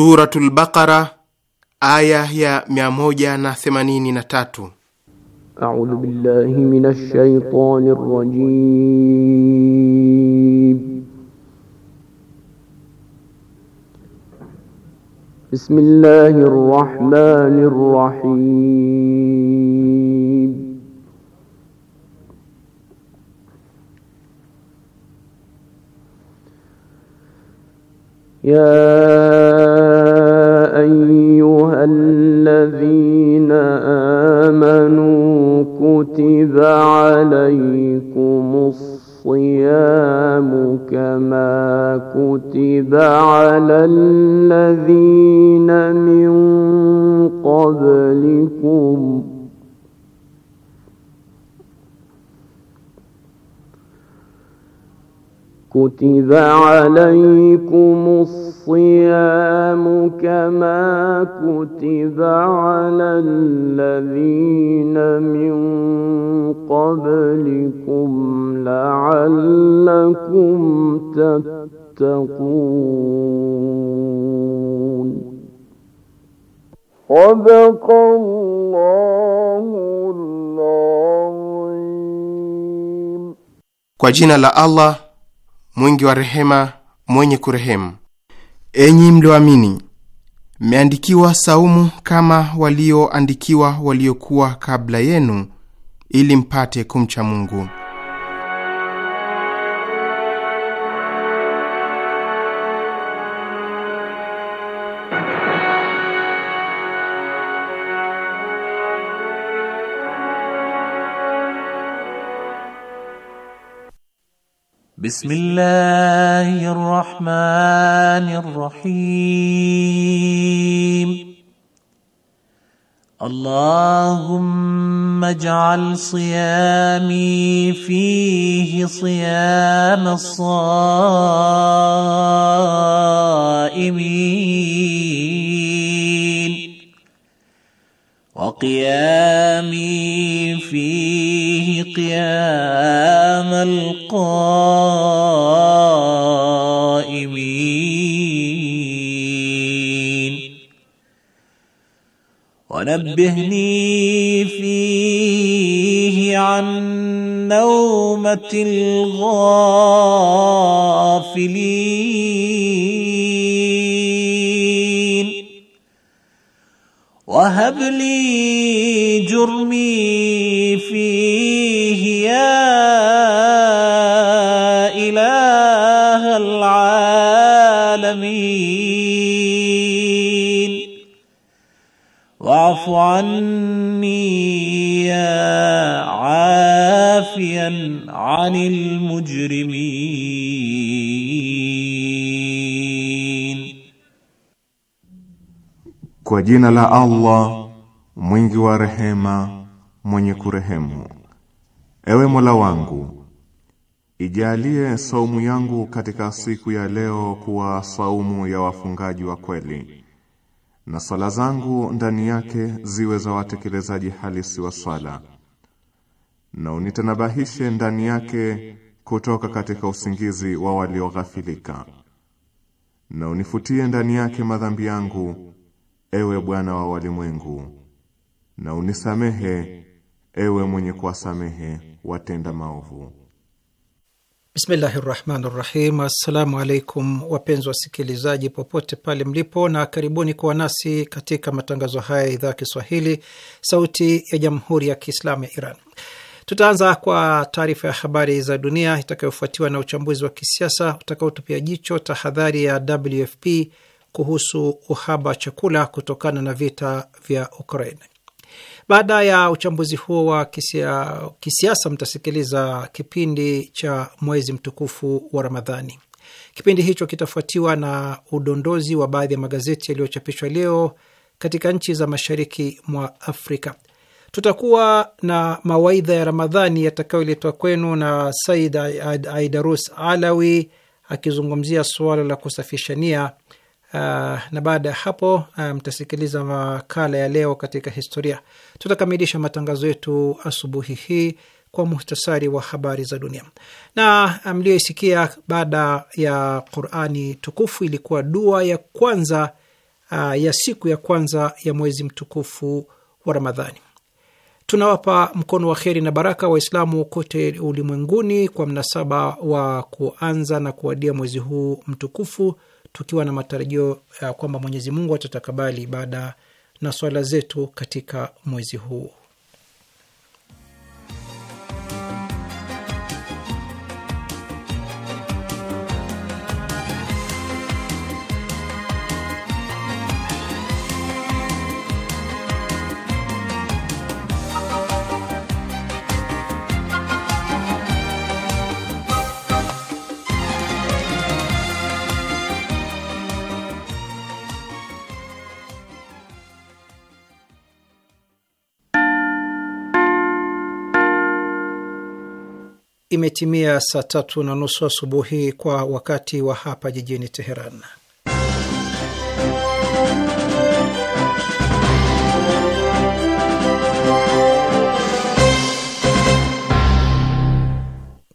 Suratul Baqara aya ya 183. A'udhu billahi minash shaitanir rajim. Bismillahir rahmanir rahim. Ya عليكم الصيام كما كتب على الذين من قبلكم كتب عليكم الصيام كما كتب على الذين من قبلكم لعلكم تتقون صدق الله Kwa jina la Allah mwingi wa rehema, mwenye kurehemu. Enyi mlioamini, mmeandikiwa saumu kama walioandikiwa waliokuwa kabla yenu, ili mpate kumcha Mungu. بسم الله الرحمن الرحيم اللهم اجعل صيامي فيه صيام الصائمين وقيامي فيه قيام القائمين ونبهني فيه عن نومه الغافلين وهب لي جرمي فيه يا إله العالمين واعف عني يا عافيا عن المجرمين Kwa jina la Allah mwingi wa rehema, mwenye kurehemu. Ewe Mola wangu, ijalie saumu yangu katika siku ya leo kuwa saumu ya wafungaji wa kweli, na sala zangu ndani yake ziwe za watekelezaji halisi wa sala, na unitanabahishe ndani yake kutoka katika usingizi wa walioghafilika, na unifutie ndani yake madhambi yangu ewe Bwana wa walimwengu, na unisamehe ewe mwenye kuwasamehe watenda maovu. Bismillahi rahmani rahim. Assalamu alaikum wapenzi wasikilizaji popote pale mlipo, na karibuni kuwa nasi katika matangazo haya ya idhaa ya Kiswahili, Sauti ya Jamhuri ya Kiislamu ya Iran. Tutaanza kwa taarifa ya habari za dunia itakayofuatiwa na uchambuzi wa kisiasa utakaotupia jicho tahadhari ya WFP kuhusu uhaba wa chakula kutokana na vita vya Ukraine. Baada ya uchambuzi huo wa kisia, kisiasa mtasikiliza kipindi cha mwezi mtukufu wa Ramadhani. Kipindi hicho kitafuatiwa na udondozi wa baadhi ya magazeti yaliyochapishwa leo katika nchi za mashariki mwa Afrika. Tutakuwa na mawaidha ya Ramadhani yatakayoletwa kwenu na Said Aidarus Alawi akizungumzia suala la kusafisha nia Uh, na baada ya hapo ah, mtasikiliza um, makala ya leo katika historia. Tutakamilisha matangazo yetu asubuhi hii kwa muhtasari wa habari za dunia, na ah, mliyoisikia baada ya Qurani tukufu ilikuwa dua ya kwanza uh, ya siku ya kwanza ya mwezi mtukufu wa Ramadhani. Tunawapa mkono wa kheri na baraka Waislamu kote ulimwenguni kwa mnasaba wa kuanza na kuwadia mwezi huu mtukufu tukiwa na matarajio ya uh, kwamba Mwenyezi Mungu atatakabali baada na swala zetu katika mwezi huu. imetimia saa tatu na nusu asubuhi kwa wakati wa hapa jijini Teheran.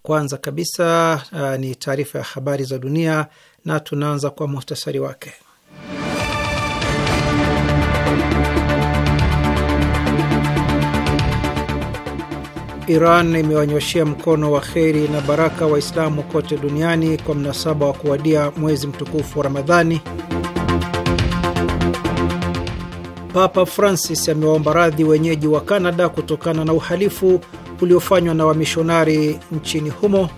Kwanza kabisa uh, ni taarifa ya habari za dunia na tunaanza kwa muhtasari wake. Iran imewanyoshea mkono wa kheri na baraka Waislamu kote duniani kwa mnasaba wa kuwadia mwezi mtukufu wa Ramadhani. Papa Francis amewaomba radhi wenyeji wa Kanada kutokana na uhalifu uliofanywa na wamishonari nchini humo.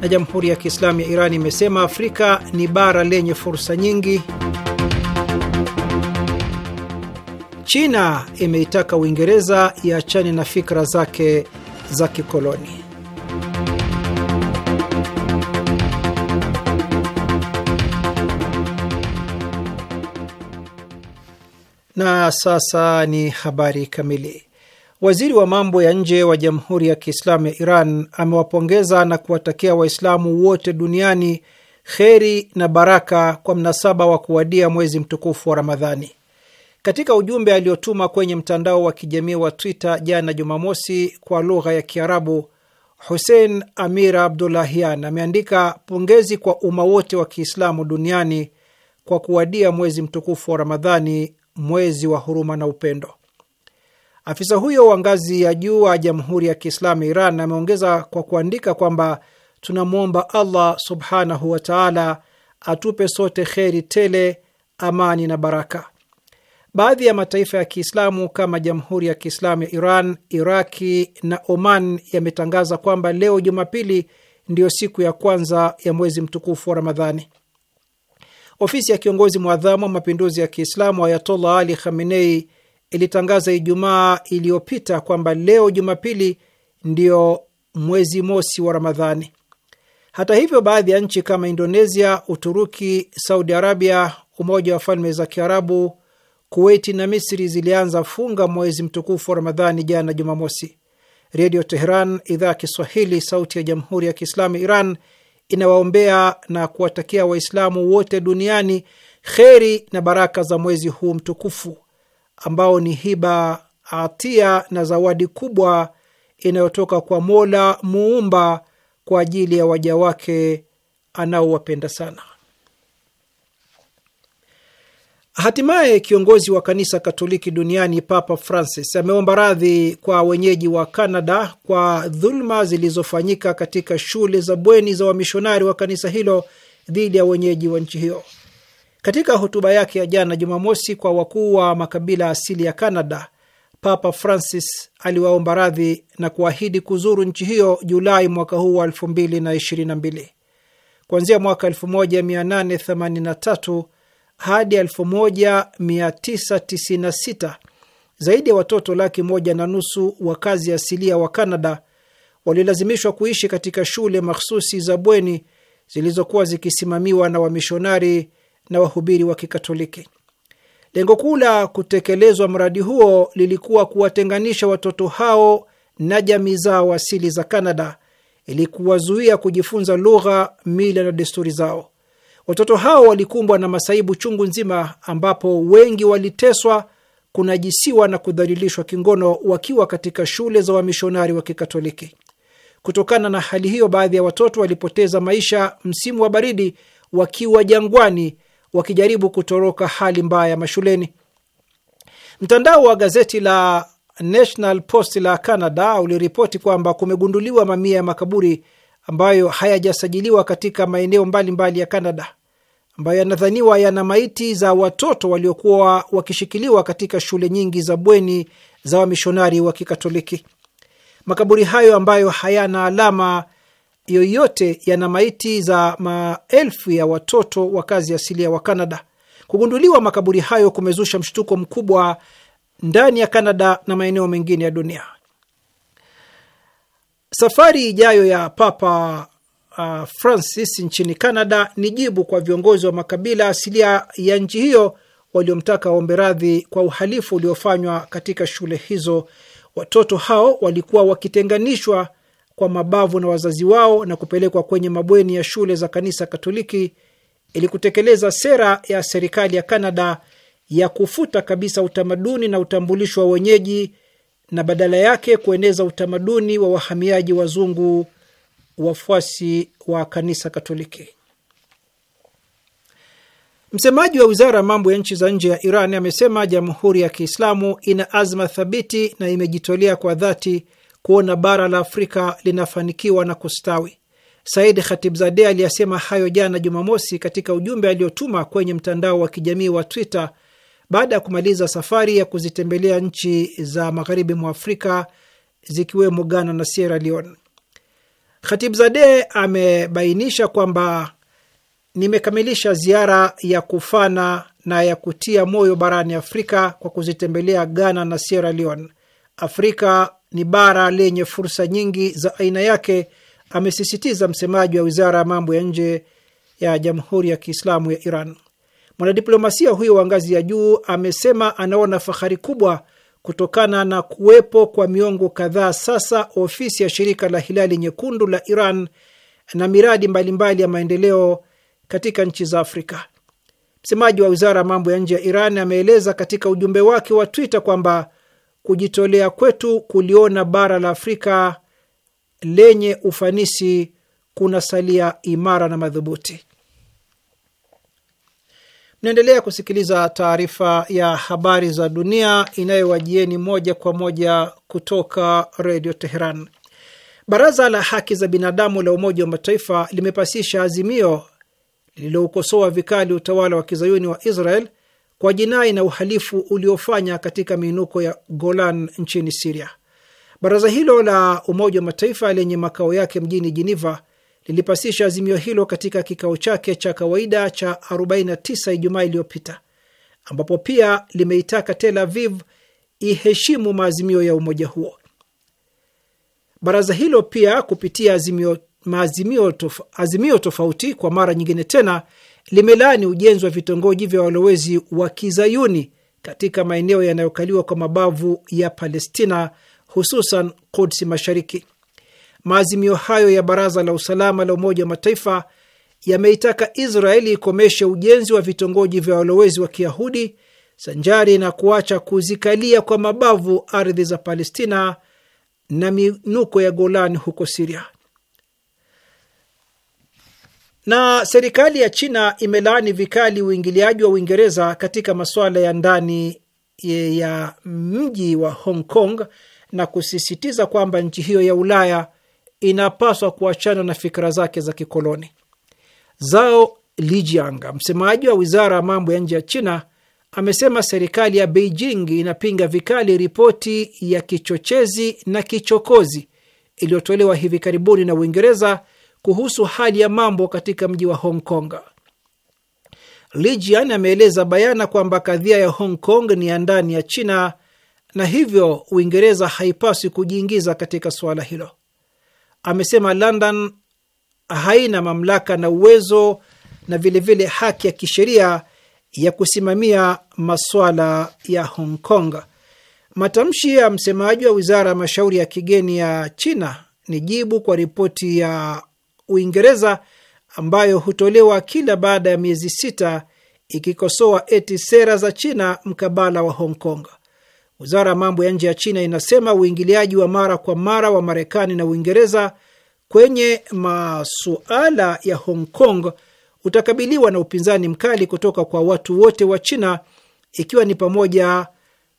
Na Jamhuri ya Kiislamu ya Iran imesema Afrika ni bara lenye fursa nyingi. China imeitaka Uingereza iachane na fikra zake za kikoloni. Na sasa ni habari kamili. Waziri wa mambo ya nje wa Jamhuri ya Kiislamu ya Iran amewapongeza na kuwatakia Waislamu wote duniani kheri na baraka kwa mnasaba wa kuwadia mwezi mtukufu wa Ramadhani. Katika ujumbe aliotuma kwenye mtandao wa kijamii wa Twitter jana Jumamosi kwa lugha ya Kiarabu, Hussein Amir Abdulahian ameandika pongezi kwa umma wote wa Kiislamu duniani kwa kuwadia mwezi mtukufu wa Ramadhani, mwezi wa huruma na upendo. Afisa huyo wa ngazi ya juu wa Jamhuri ya Kiislamu Iran ameongeza kwa kuandika kwamba tunamwomba Allah subhanahu wa taala atupe sote kheri tele, amani na baraka Baadhi ya mataifa ya Kiislamu kama Jamhuri ya Kiislamu ya Iran, Iraki na Oman yametangaza kwamba leo Jumapili ndiyo siku ya kwanza ya mwezi mtukufu wa Ramadhani. Ofisi ya kiongozi mwadhamu wa mapinduzi ya Kiislamu Ayatollah Ali Khamenei ilitangaza Ijumaa iliyopita kwamba leo Jumapili ndiyo mwezi mosi wa Ramadhani. Hata hivyo, baadhi ya nchi kama Indonesia, Uturuki, Saudi Arabia, Umoja wa Falme za Kiarabu, Kuweti na Misri zilianza funga mwezi mtukufu wa Ramadhani jana Jumamosi. Redio Teheran idhaa ya Kiswahili, sauti ya jamhuri ya Kiislamu Iran inawaombea na kuwatakia Waislamu wote duniani kheri na baraka za mwezi huu mtukufu ambao ni hiba, atia na zawadi kubwa inayotoka kwa Mola muumba kwa ajili ya waja wake anaowapenda sana. Hatimaye kiongozi wa kanisa Katoliki duniani Papa Francis ameomba radhi kwa wenyeji wa canada kwa dhuluma zilizofanyika katika shule za bweni za wamishonari wa kanisa hilo dhidi ya wenyeji wa nchi hiyo. Katika hotuba yake ya jana Jumamosi kwa wakuu wa makabila asili ya canada Papa Francis aliwaomba radhi na kuahidi kuzuru nchi hiyo Julai mwaka huu wa 2022. Kuanzia mwaka 1883 hadi 1996 zaidi ya watoto laki moja na nusu wakazi asilia wa Kanada walilazimishwa kuishi katika shule mahsusi za bweni zilizokuwa zikisimamiwa na wamishonari na wahubiri wa Kikatoliki. Lengo kuu la kutekelezwa mradi huo lilikuwa kuwatenganisha watoto hao na jamii zao asili za Kanada ili kuwazuia kujifunza lugha, mila na desturi zao. Watoto hao walikumbwa na masaibu chungu nzima, ambapo wengi waliteswa, kunajisiwa na kudhalilishwa kingono wakiwa katika shule za wamishonari wa Kikatoliki. Kutokana na hali hiyo, baadhi ya watoto walipoteza maisha msimu wa baridi wakiwa jangwani, wakijaribu kutoroka hali mbaya mashuleni. Mtandao wa gazeti la National Post la Canada uliripoti kwamba kumegunduliwa mamia ya makaburi ambayo hayajasajiliwa katika maeneo mbalimbali ya Kanada ambayo yanadhaniwa yana maiti za watoto waliokuwa wakishikiliwa katika shule nyingi za bweni za wamishonari wa Kikatoliki. Makaburi hayo ambayo hayana alama yoyote yana maiti za maelfu ya watoto wakazi asilia wa Kanada. Kugunduliwa makaburi hayo kumezusha mshtuko mkubwa ndani ya Kanada na maeneo mengine ya dunia. Safari ijayo ya Papa uh, Francis nchini Canada ni jibu kwa viongozi wa makabila asilia ya nchi hiyo waliomtaka waombe radhi kwa uhalifu uliofanywa katika shule hizo. Watoto hao walikuwa wakitenganishwa kwa mabavu na wazazi wao na kupelekwa kwenye mabweni ya shule za kanisa Katoliki ili kutekeleza sera ya serikali ya canada ya kufuta kabisa utamaduni na utambulisho wa wenyeji na badala yake kueneza utamaduni wa wahamiaji wazungu wafuasi wa kanisa Katoliki. Msemaji wa wizara ya mambo ya nchi za nje ya Iran amesema jamhuri ya Kiislamu ina azma thabiti na imejitolea kwa dhati kuona bara la Afrika linafanikiwa na kustawi. Said Khatibzadeh aliyasema hayo jana Jumamosi katika ujumbe aliotuma kwenye mtandao wa kijamii wa Twitter baada ya kumaliza safari ya kuzitembelea nchi za magharibi mwa Afrika zikiwemo Ghana na Sierra Leone. Khatibzadeh amebainisha kwamba nimekamilisha ziara ya kufana na ya kutia moyo barani Afrika kwa kuzitembelea Ghana na Sierra Leone. Afrika ni bara lenye fursa nyingi za aina yake, amesisitiza msemaji wa wizara ya mambo ya nje ya Jamhuri ya Kiislamu ya Iran. Mwanadiplomasia huyo wa ngazi ya juu amesema anaona fahari kubwa kutokana na kuwepo kwa miongo kadhaa sasa ofisi ya shirika la Hilali Nyekundu la Iran na miradi mbalimbali mbali ya maendeleo katika nchi za Afrika. Msemaji wa wizara ya mambo ya nje ya Iran ameeleza katika ujumbe wake wa Twitter kwamba kujitolea kwetu kuliona bara la Afrika lenye ufanisi kunasalia imara na madhubuti. Mnaendelea kusikiliza taarifa ya habari za dunia inayowajieni moja kwa moja kutoka redio Teheran. Baraza la haki za binadamu la Umoja wa Mataifa limepasisha azimio lililoukosoa vikali utawala wa kizayuni wa Israel kwa jinai na uhalifu uliofanya katika miinuko ya Golan nchini Siria. Baraza hilo la Umoja wa Mataifa lenye makao yake mjini Jiniva lilipasisha azimio hilo katika kikao chake cha kawaida cha 49 Ijumaa iliyopita, ambapo pia limeitaka Tel Aviv iheshimu maazimio ya umoja huo. Baraza hilo pia kupitia azimio, maazimio tof, azimio tofauti kwa mara nyingine tena limelaani ujenzi wa vitongoji vya walowezi wa kizayuni katika maeneo yanayokaliwa kwa mabavu ya Palestina, hususan Kudsi Mashariki. Maazimio hayo ya Baraza la Usalama la Umoja wa Mataifa yameitaka Israeli ikomeshe ujenzi wa vitongoji vya walowezi wa Kiyahudi sanjari na kuacha kuzikalia kwa mabavu ardhi za Palestina na minuko ya Golan huko Siria. Na serikali ya China imelaani vikali uingiliaji wa Uingereza katika masuala ya ndani ya mji wa Hong Kong na kusisitiza kwamba nchi hiyo ya Ulaya inapaswa kuachana na fikra zake za kikoloni. Zao Lijiang, msemaji wa wizara ya mambo ya nje ya China, amesema serikali ya Beijing inapinga vikali ripoti ya kichochezi na kichokozi iliyotolewa hivi karibuni na Uingereza kuhusu hali ya mambo katika mji wa Hong Kong. Lijian ameeleza bayana kwamba kadhia ya Hong Kong ni ya ndani ya China na hivyo Uingereza haipaswi kujiingiza katika suala hilo amesema London haina mamlaka na uwezo na vilevile vile haki ya kisheria ya kusimamia masuala ya Hong Kong. Matamshi ya msemaji wa wizara ya mashauri ya kigeni ya China ni jibu kwa ripoti ya Uingereza ambayo hutolewa kila baada ya miezi sita ikikosoa eti sera za China mkabala wa Hong Kong. Wizara ya mambo ya nje ya China inasema uingiliaji wa mara kwa mara wa Marekani na Uingereza kwenye masuala ya Hong Kong utakabiliwa na upinzani mkali kutoka kwa watu wote wa China, ikiwa ni pamoja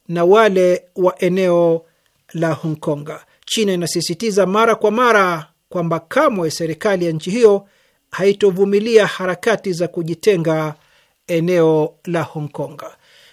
na wale wa eneo la Hong Kong. China inasisitiza mara kwa mara kwamba kamwe serikali ya nchi hiyo haitovumilia harakati za kujitenga eneo la Hong Kong.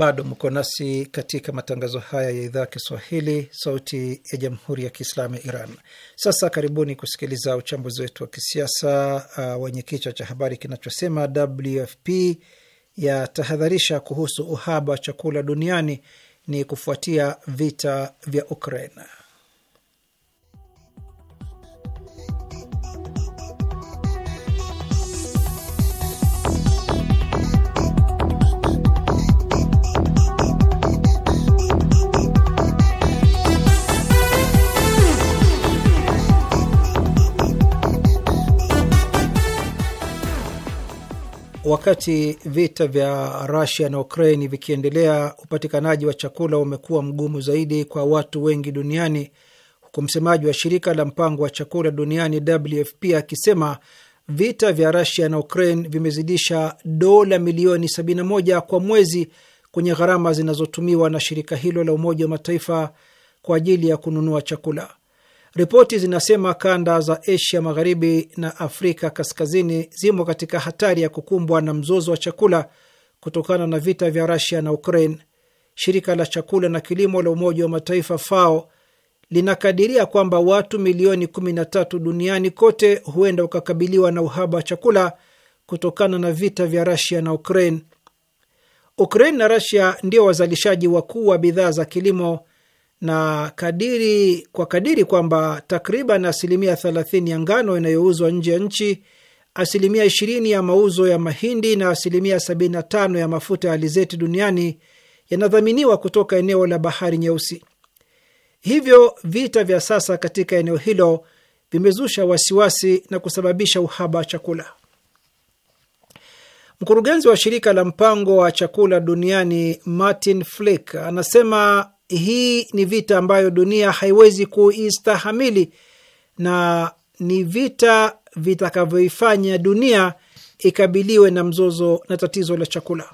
Bado mko nasi katika matangazo haya ya idhaa ya Kiswahili, sauti ya jamhuri ya kiislamu ya Iran. Sasa karibuni kusikiliza uchambuzi wetu wa kisiasa uh, wenye kichwa cha habari kinachosema WFP yatahadharisha kuhusu uhaba wa chakula duniani, ni kufuatia vita vya Ukraina. Wakati vita vya Rusia na Ukraini vikiendelea, upatikanaji wa chakula umekuwa mgumu zaidi kwa watu wengi duniani, huku msemaji wa shirika la mpango wa chakula duniani WFP akisema vita vya Rusia na Ukraine vimezidisha dola milioni 71 kwa mwezi kwenye gharama zinazotumiwa na shirika hilo la Umoja wa Mataifa kwa ajili ya kununua chakula. Ripoti zinasema kanda za Asia Magharibi na Afrika Kaskazini zimo katika hatari ya kukumbwa na mzozo wa chakula kutokana na vita vya Rusia na Ukraine. Shirika la chakula na kilimo la Umoja wa Mataifa FAO linakadiria kwamba watu milioni 13 duniani kote huenda ukakabiliwa na uhaba wa chakula kutokana na vita vya Rusia na Ukraine. Ukraine na Rusia ndio wazalishaji wakuu wa bidhaa za kilimo na kadiri kwa kadiri kwamba takriban asilimia 30 ya ngano inayouzwa nje ya nchi, asilimia 20 ya mauzo ya mahindi na asilimia 75 ya mafuta ya alizeti duniani yanadhaminiwa kutoka eneo la Bahari Nyeusi. Hivyo vita vya sasa katika eneo hilo vimezusha wasiwasi na kusababisha uhaba wa chakula. Mkurugenzi wa shirika la mpango wa chakula duniani Martin Flick anasema hii ni vita ambayo dunia haiwezi kuistahamili na ni vita vitakavyoifanya dunia ikabiliwe na mzozo na tatizo la chakula.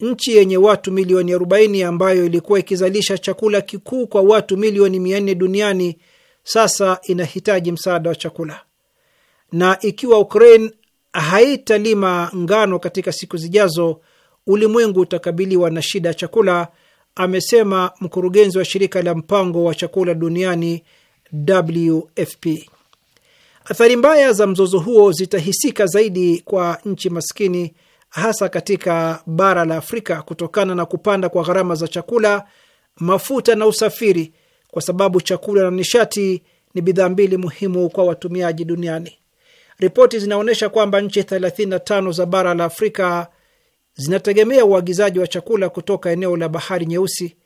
Nchi yenye watu milioni 40 ambayo ilikuwa ikizalisha chakula kikuu kwa watu milioni 400 duniani sasa inahitaji msaada wa chakula, na ikiwa Ukraine haitalima ngano katika siku zijazo, ulimwengu utakabiliwa na shida ya chakula amesema mkurugenzi wa shirika la mpango wa chakula duniani WFP. Athari mbaya za mzozo huo zitahisika zaidi kwa nchi maskini, hasa katika bara la Afrika kutokana na kupanda kwa gharama za chakula, mafuta na usafiri, kwa sababu chakula na nishati ni bidhaa mbili muhimu kwa watumiaji duniani. Ripoti zinaonyesha kwamba nchi 35 za bara la Afrika zinategemea uagizaji wa chakula kutoka eneo la bahari nyeusi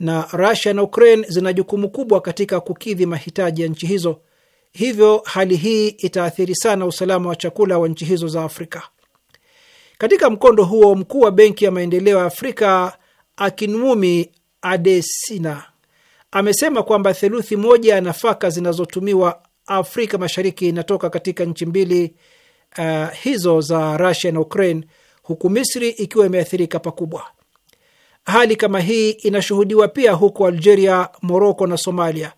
na Russia na Ukraine zina jukumu kubwa katika kukidhi mahitaji ya nchi hizo. Hivyo hali hii itaathiri sana usalama wa chakula wa nchi hizo za Afrika. Katika mkondo huo, mkuu wa Benki ya Maendeleo ya Afrika Akinwumi Adesina amesema kwamba theluthi moja ya nafaka zinazotumiwa Afrika Mashariki inatoka katika nchi mbili uh, hizo za rusia na Ukraine huku Misri ikiwa imeathirika pakubwa. Hali kama hii inashuhudiwa pia huko Algeria, Moroko na Somalia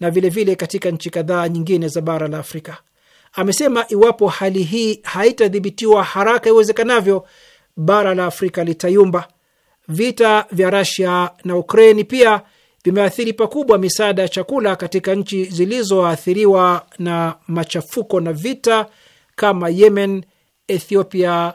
na vilevile vile katika nchi kadhaa nyingine za bara la Afrika. Amesema iwapo hali hii haitadhibitiwa haraka iwezekanavyo, bara la Afrika litayumba. Vita vya Rasia na Ukraini pia vimeathiri pakubwa misaada ya chakula katika nchi zilizoathiriwa na machafuko na vita kama Yemen, Ethiopia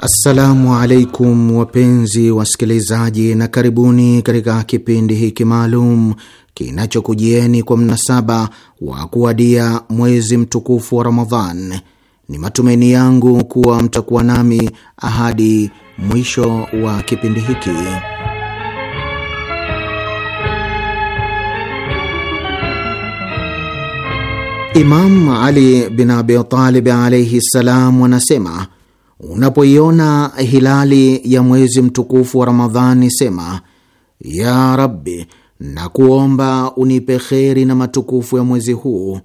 Assalamu alaikum wapenzi wasikilizaji, na karibuni katika kipindi hiki maalum kinachokujieni kwa mnasaba wa kuadia mwezi mtukufu wa Ramadhan. Ni matumaini yangu kuwa mtakuwa nami hadi mwisho wa kipindi hiki. Imam Ali bin Abi Talib alaihi ssalam anasema, unapoiona hilali ya mwezi mtukufu wa Ramadhani sema ya Rabbi, na kuomba unipe kheri na matukufu ya mwezi huu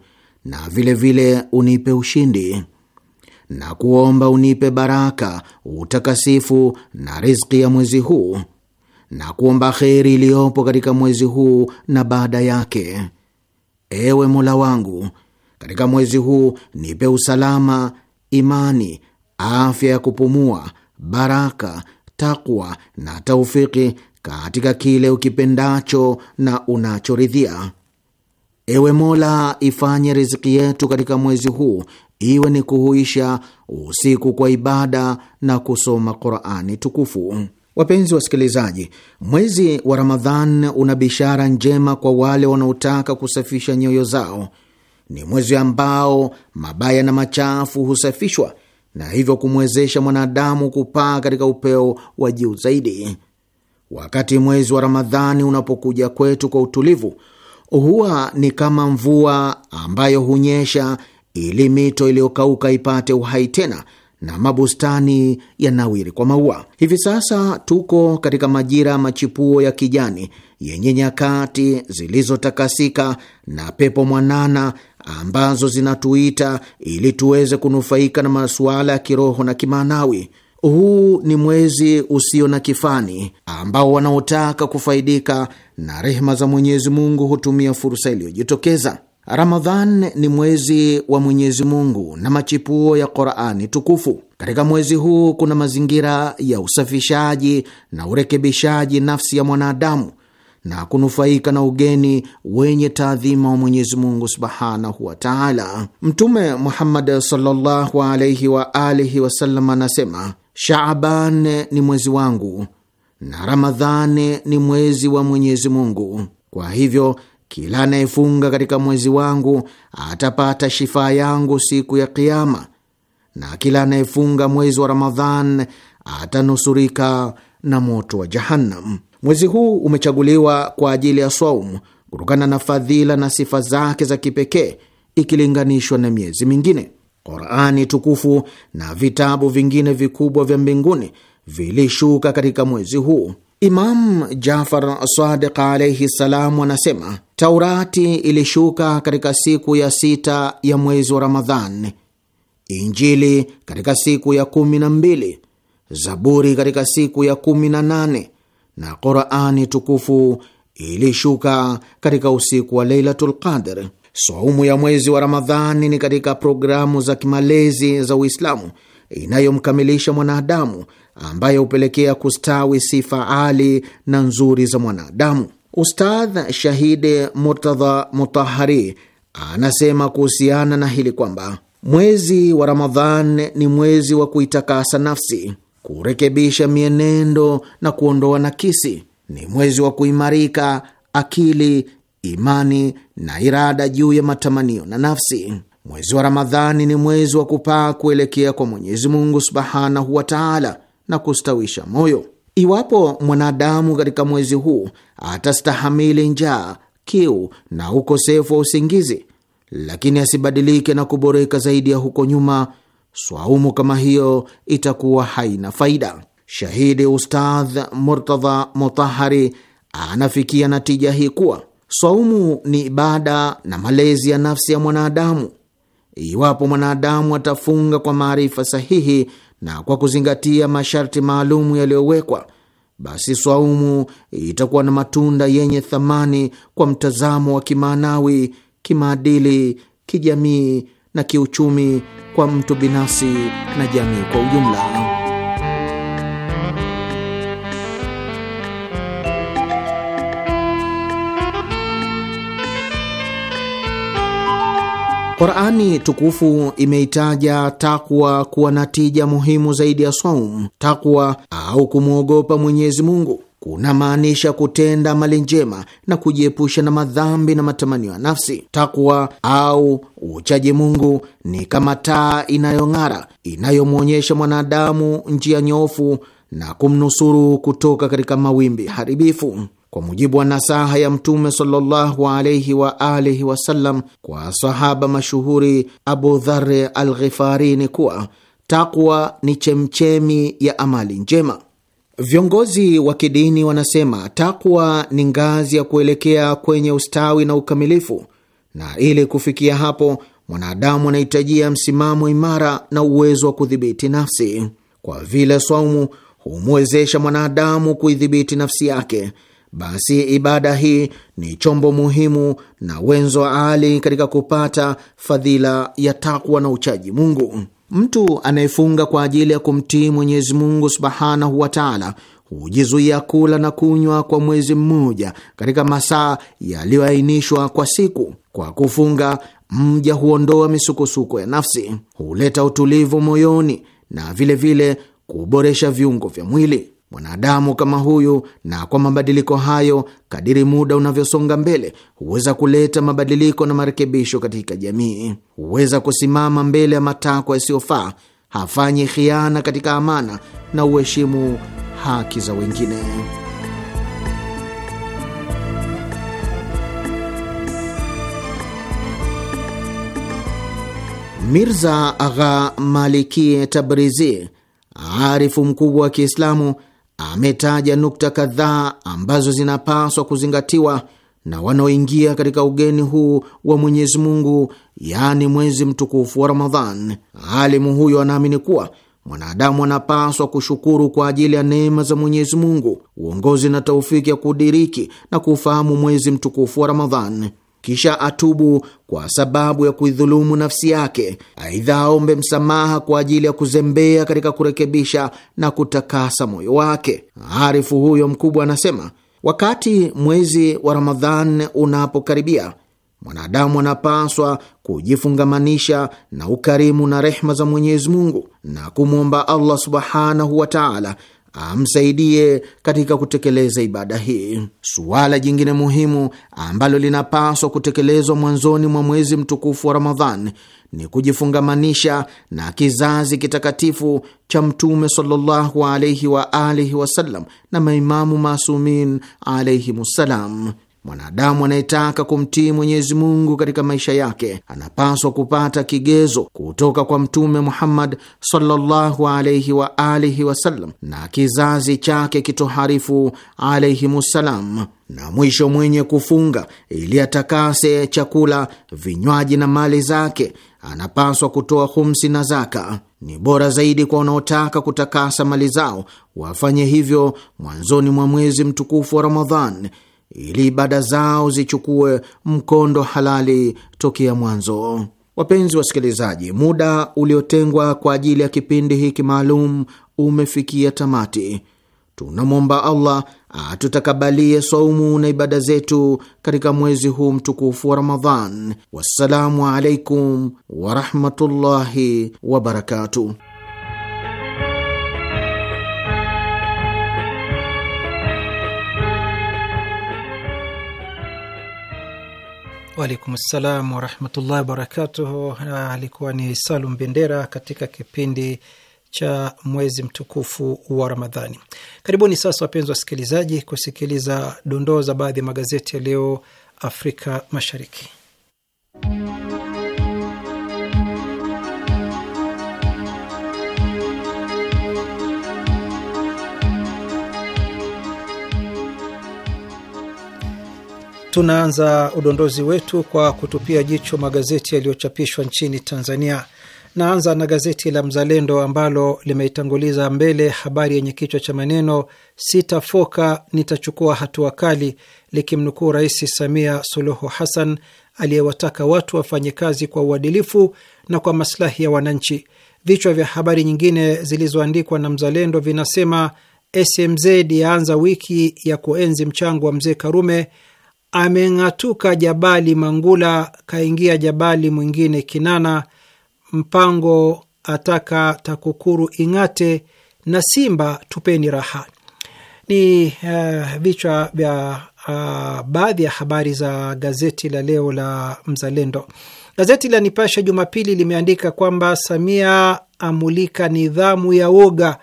na vilevile vile unipe ushindi na kuomba unipe baraka, utakasifu na riziki ya mwezi huu na kuomba kheri iliyopo katika mwezi huu na baada yake. Ewe Mola wangu, katika mwezi huu nipe usalama, imani, afya ya kupumua, baraka, takwa na taufiki katika kile ukipendacho na unachoridhia. Ewe Mola, ifanye riziki yetu katika mwezi huu iwe ni kuhuisha usiku kwa ibada na kusoma Qurani tukufu. Wapenzi wasikilizaji, mwezi wa Ramadhan una bishara njema kwa wale wanaotaka kusafisha nyoyo zao. Ni mwezi ambao mabaya na machafu husafishwa na hivyo kumwezesha mwanadamu kupaa katika upeo wa juu zaidi. Wakati mwezi wa Ramadhani unapokuja kwetu kwa utulivu, huwa ni kama mvua ambayo hunyesha ili mito iliyokauka ipate uhai tena na mabustani yanawiri kwa maua. Hivi sasa tuko katika majira ya machipuo ya kijani yenye nyakati zilizotakasika na pepo mwanana ambazo zinatuita ili tuweze kunufaika na masuala ya kiroho na kimaanawi. Huu ni mwezi usio na kifani ambao wanaotaka kufaidika na rehema za Mwenyezi Mungu hutumia fursa iliyojitokeza. Ramadhan ni mwezi wa Mwenyezi Mungu na machipuo ya Qurani tukufu. Katika mwezi huu kuna mazingira ya usafishaji na urekebishaji nafsi ya mwanadamu na kunufaika na ugeni wenye taadhima wa Mwenyezi Mungu subhanahu wa taala. Mtume Muhammad sallallahu alaihi wa alihi wasallam anasema, Shaaban ni mwezi wangu na Ramadhani ni mwezi wa Mwenyezi Mungu. Kwa hivyo kila anayefunga katika mwezi wangu atapata shifaa yangu siku ya Kiama, na kila anayefunga mwezi wa Ramadhan atanusurika na moto wa Jahannam. Mwezi huu umechaguliwa kwa ajili ya swaumu kutokana na fadhila na sifa zake za kipekee ikilinganishwa na miezi mingine. Qurani tukufu na vitabu vingine vikubwa vya mbinguni vilishuka katika mwezi huu. Imam Jafar Sadiq alaihi salam anasema Taurati ilishuka katika siku ya sita ya mwezi wa Ramadhan, Injili katika siku ya kumi na mbili, Zaburi katika siku ya kumi na nane na Qurani tukufu ilishuka katika usiku wa Leilatul Qadr. Saumu ya mwezi wa Ramadhani ni katika programu za kimalezi za Uislamu inayomkamilisha mwanadamu, ambayo hupelekea kustawi sifa ali na nzuri za mwanadamu. Ustadh shahidi Murtadha Mutahari anasema kuhusiana na hili kwamba mwezi wa Ramadhan ni mwezi wa kuitakasa nafsi, kurekebisha mienendo na kuondoa nakisi. Ni mwezi wa kuimarika akili, imani na irada juu ya matamanio na nafsi. Mwezi wa Ramadhani ni mwezi wa kupaa kuelekea kwa Mwenyezi Mungu subhanahu wa taala na kustawisha moyo. Iwapo mwanadamu katika mwezi huu atastahamili njaa, kiu na ukosefu wa usingizi, lakini asibadilike na kuboreka zaidi ya huko nyuma, swaumu kama hiyo itakuwa haina faida. Shahidi Ustadh Murtadha Mutahari anafikia natija hii kuwa swaumu ni ibada na malezi ya nafsi ya mwanadamu. Iwapo mwanadamu atafunga kwa maarifa sahihi na kwa kuzingatia masharti maalumu yaliyowekwa, basi swaumu itakuwa na matunda yenye thamani kwa mtazamo wa kimaanawi, kimaadili, kijamii na kiuchumi kwa mtu binafsi na jamii kwa ujumla. Qurani tukufu imeitaja takwa kuwa na tija muhimu zaidi ya saum. Takwa au kumwogopa Mwenyezi Mungu kuna maanisha kutenda mali njema na kujiepusha na madhambi na matamanio ya nafsi. Takwa au uchaji Mungu ni kama taa inayong'ara inayomwonyesha mwanadamu njia nyofu na kumnusuru kutoka katika mawimbi haribifu. Kwa mujibu wa nasaha ya Mtume sallallahu alaihi wa alihi wasallam kwa sahaba mashuhuri Abu Dharre al Ghifari ni kuwa takwa ni chemchemi ya amali njema. Viongozi wa kidini wanasema takwa ni ngazi ya kuelekea kwenye ustawi na ukamilifu, na ili kufikia hapo mwanadamu anahitajia msimamo imara na uwezo wa kudhibiti nafsi. Kwa vile swaumu humwezesha mwanadamu kuidhibiti nafsi yake basi ibada hii ni chombo muhimu na wenzo wa ali katika kupata fadhila ya takwa na uchaji Mungu. Mtu anayefunga kwa ajili ya kumtii Mwenyezi Mungu subhanahu wa taala hujizuia kula na kunywa kwa mwezi mmoja katika masaa yaliyoainishwa kwa siku. Kwa kufunga, mja huondoa misukosuko ya nafsi, huleta utulivu moyoni na vilevile vile kuboresha viungo vya mwili. Mwanadamu kama huyu, na kwa mabadiliko hayo, kadiri muda unavyosonga mbele, huweza kuleta mabadiliko na marekebisho katika jamii. Huweza kusimama mbele ya matakwa yasiyofaa, hafanyi khiana katika amana na uheshimu haki za wengine. Mirza Agha Malikie Tabrizi, arifu mkubwa wa Kiislamu, ametaja nukta kadhaa ambazo zinapaswa kuzingatiwa na wanaoingia katika ugeni huu wa Mwenyezi Mungu, yaani mwezi mtukufu wa Ramadhan. Alimu huyo anaamini kuwa mwanadamu anapaswa kushukuru kwa ajili ya neema za Mwenyezi Mungu, uongozi na taufiki ya kudiriki na kuufahamu mwezi mtukufu wa Ramadhan kisha atubu kwa sababu ya kuidhulumu nafsi yake. Aidha, aombe msamaha kwa ajili ya kuzembea katika kurekebisha na kutakasa moyo wake. Arifu huyo mkubwa anasema, wakati mwezi wa Ramadhan unapokaribia, mwanadamu anapaswa kujifungamanisha na ukarimu na rehma za Mwenyezi Mungu na kumwomba Allah subhanahu wa taala amsaidie katika kutekeleza ibada hii. Suala jingine muhimu ambalo linapaswa kutekelezwa mwanzoni mwa mwezi mtukufu wa Ramadhan ni kujifungamanisha na kizazi kitakatifu cha Mtume sallallahu alaihi wa alihi wasallam na maimamu masumin alaihimussalam. Mwanadamu anayetaka kumtii Mwenyezi Mungu katika maisha yake anapaswa kupata kigezo kutoka kwa Mtume Muhammad sallallahu alaihi wa alihi wasallam na kizazi chake kitoharifu alaihimussalam. Na mwisho, mwenye kufunga ili atakase chakula, vinywaji na mali zake anapaswa kutoa humsi na zaka. Ni bora zaidi kwa wanaotaka kutakasa mali zao wafanye hivyo mwanzoni mwa mwezi mtukufu wa Ramadhan ili ibada zao zichukue mkondo halali tokea mwanzo. Wapenzi wasikilizaji, muda uliotengwa kwa ajili ya kipindi hiki maalum umefikia tamati. Tunamwomba Allah atutakabalie saumu na ibada zetu katika mwezi huu mtukufu wa Ramadhan. Wassalamu alaikum warahmatullahi wabarakatuh. Waalaikum ssalam warahmatullahi wabarakatuhu Alikuwa ni Salum Bendera katika kipindi cha mwezi mtukufu wa Ramadhani. Karibuni sasa, wapenzi wasikilizaji, kusikiliza dondoo za baadhi ya magazeti ya leo Afrika Mashariki. Tunaanza udondozi wetu kwa kutupia jicho magazeti yaliyochapishwa nchini Tanzania. Naanza na gazeti la Mzalendo ambalo limeitanguliza mbele habari yenye kichwa cha maneno sitafoka, nitachukua hatua kali, likimnukuu Rais Samia Suluhu Hassan aliyewataka watu wafanye kazi kwa uadilifu na kwa maslahi ya wananchi. Vichwa vya habari nyingine zilizoandikwa na Mzalendo vinasema SMZ yaanza wiki ya kuenzi mchango wa mzee Karume ameng'atuka jabali Mangula, kaingia jabali mwingine Kinana. Mpango ataka TAKUKURU ing'ate na Simba tupeni raha. Ni uh, vichwa vya uh, baadhi ya habari za gazeti la leo la Mzalendo. Gazeti la Nipashe Jumapili limeandika kwamba Samia amulika nidhamu ya woga,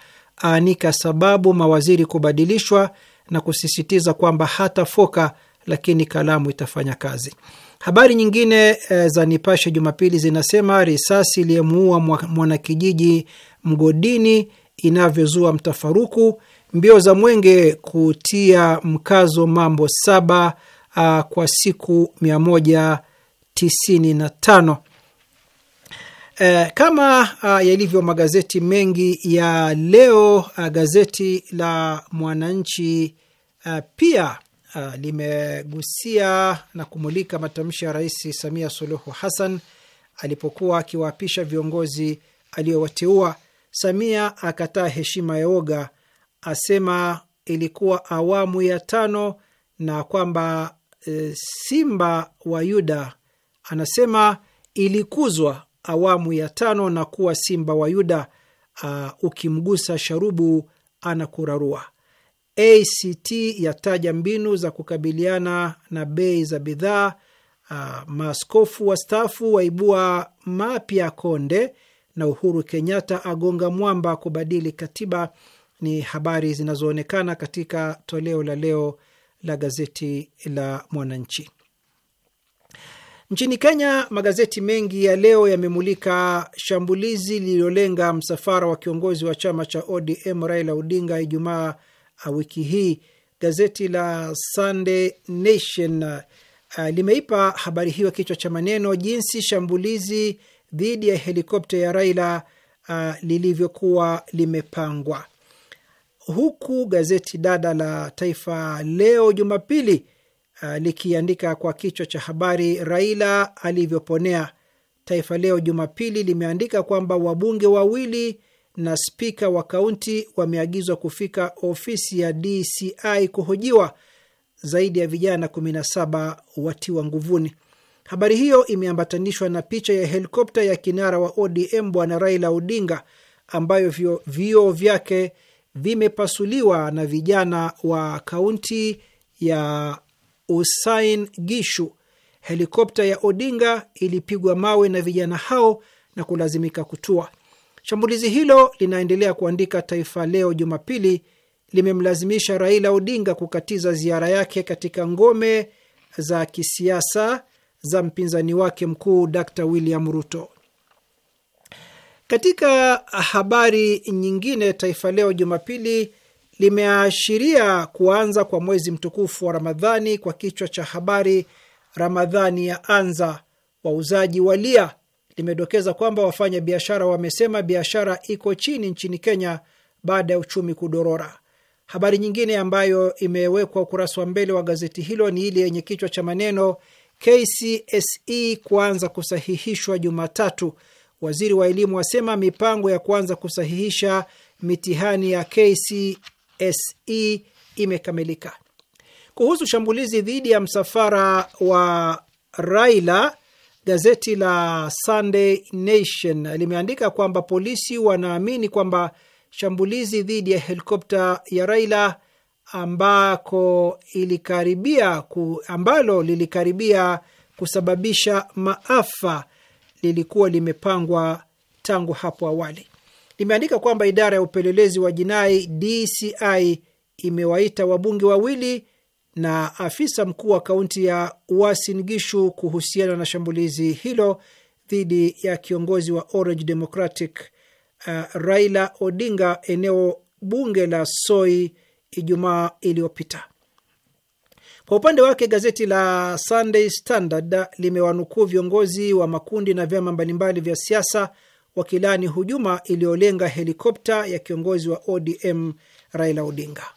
aanika sababu mawaziri kubadilishwa na kusisitiza kwamba hata foka lakini kalamu itafanya kazi. Habari nyingine e, za Nipashe Jumapili zinasema risasi iliyemuua mwanakijiji mgodini inavyozua mtafaruku. Mbio za mwenge kutia mkazo mambo saba a, ah, kwa siku mia moja tisini na tano. E, kama ah, yalivyo magazeti mengi ya leo a, ah, gazeti la Mwananchi a, pia Ah, limegusia na kumulika matamshi ya Rais Samia Suluhu Hassan alipokuwa akiwaapisha viongozi aliyowateua. Samia akataa heshima ya woga, asema ilikuwa awamu ya tano na kwamba e, Simba wa Yuda anasema ilikuzwa awamu ya tano na kuwa Simba wa Yuda. Uh, ukimgusa sharubu anakurarua. ACT yataja mbinu za kukabiliana na bei za bidhaa. Uh, maaskofu wastaafu waibua mapya konde, na Uhuru Kenyatta agonga mwamba kubadili katiba. Ni habari zinazoonekana katika toleo la leo la gazeti la Mwananchi. Nchini Kenya, magazeti mengi ya leo yamemulika shambulizi lililolenga msafara wa kiongozi wa chama cha ODM Raila Odinga Ijumaa Uh, wiki hii gazeti la Sunday Nation uh, limeipa habari hiyo kichwa cha maneno jinsi shambulizi dhidi ya helikopta ya Raila uh, lilivyokuwa limepangwa, huku gazeti dada la Taifa Leo Jumapili uh, likiandika kwa kichwa cha habari Raila alivyoponea. Taifa Leo Jumapili limeandika kwamba wabunge wawili na spika wa kaunti wameagizwa kufika ofisi ya DCI kuhojiwa. Zaidi ya vijana 17 watiwa nguvuni. Habari hiyo imeambatanishwa na picha ya helikopta ya kinara wa ODM Bwana Raila Odinga ambayo vioo vyake vimepasuliwa na vijana wa kaunti ya Usain Gishu. Helikopta ya Odinga ilipigwa mawe na vijana hao na kulazimika kutua. Shambulizi hilo linaendelea kuandika Taifa Leo Jumapili, limemlazimisha Raila Odinga kukatiza ziara yake katika ngome za kisiasa za mpinzani wake mkuu Dr William Ruto. Katika habari nyingine, Taifa Leo Jumapili limeashiria kuanza kwa mwezi mtukufu wa Ramadhani kwa kichwa cha habari, Ramadhani ya anza, wauzaji walia, limedokeza kwamba wafanya biashara wamesema biashara iko chini nchini Kenya baada ya uchumi kudorora. Habari nyingine ambayo imewekwa ukurasa wa mbele wa gazeti hilo ni ile yenye kichwa cha maneno KCSE kuanza kusahihishwa Jumatatu. Waziri wa elimu asema mipango ya kuanza kusahihisha mitihani ya KCSE imekamilika. Kuhusu shambulizi dhidi ya msafara wa Raila Gazeti la Sunday Nation limeandika kwamba polisi wanaamini kwamba shambulizi dhidi ya helikopta ya Raila ambako ilikaribia ku, ambalo lilikaribia kusababisha maafa lilikuwa limepangwa tangu hapo awali. Limeandika kwamba idara ya upelelezi wa jinai DCI imewaita wabunge wawili na afisa mkuu wa kaunti ya Uasin Gishu kuhusiana na shambulizi hilo dhidi ya kiongozi wa Orange Democratic uh, Raila Odinga eneo bunge la Soi Ijumaa iliyopita. Kwa upande wake gazeti la Sunday Standard limewanukuu viongozi wa makundi na vyama mbalimbali vya siasa wakilani hujuma iliyolenga helikopta ya kiongozi wa ODM Raila Odinga.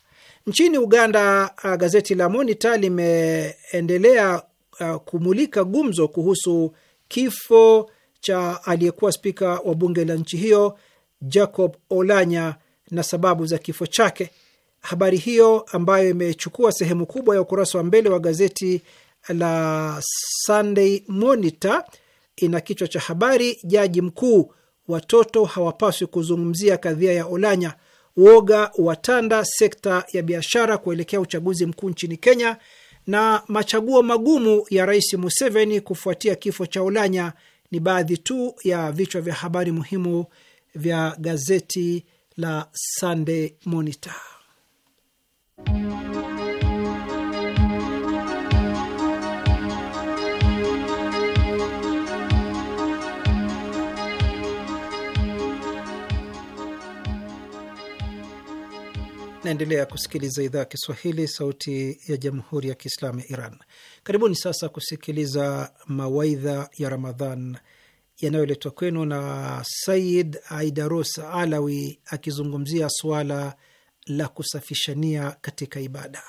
Nchini Uganda, uh, gazeti la Monita limeendelea uh, kumulika gumzo kuhusu kifo cha aliyekuwa spika wa bunge la nchi hiyo Jacob Olanya na sababu za kifo chake. Habari hiyo ambayo imechukua sehemu kubwa ya ukurasa wa mbele wa gazeti la Sunday Monitor ina kichwa cha habari, jaji mkuu, watoto hawapaswi kuzungumzia kadhia ya Olanya uoga watanda sekta ya biashara kuelekea uchaguzi mkuu nchini Kenya, na machaguo magumu ya Rais Museveni kufuatia kifo cha ulanya ni baadhi tu ya vichwa vya habari muhimu vya gazeti la Sunday Monitor. Naendelea kusikiliza idhaa ya Kiswahili, sauti ya jamhuri ya kiislamu ya Iran. Karibuni sasa kusikiliza mawaidha ya Ramadhan yanayoletwa kwenu na Said Aidaros Alawi akizungumzia suala la kusafishania katika ibada.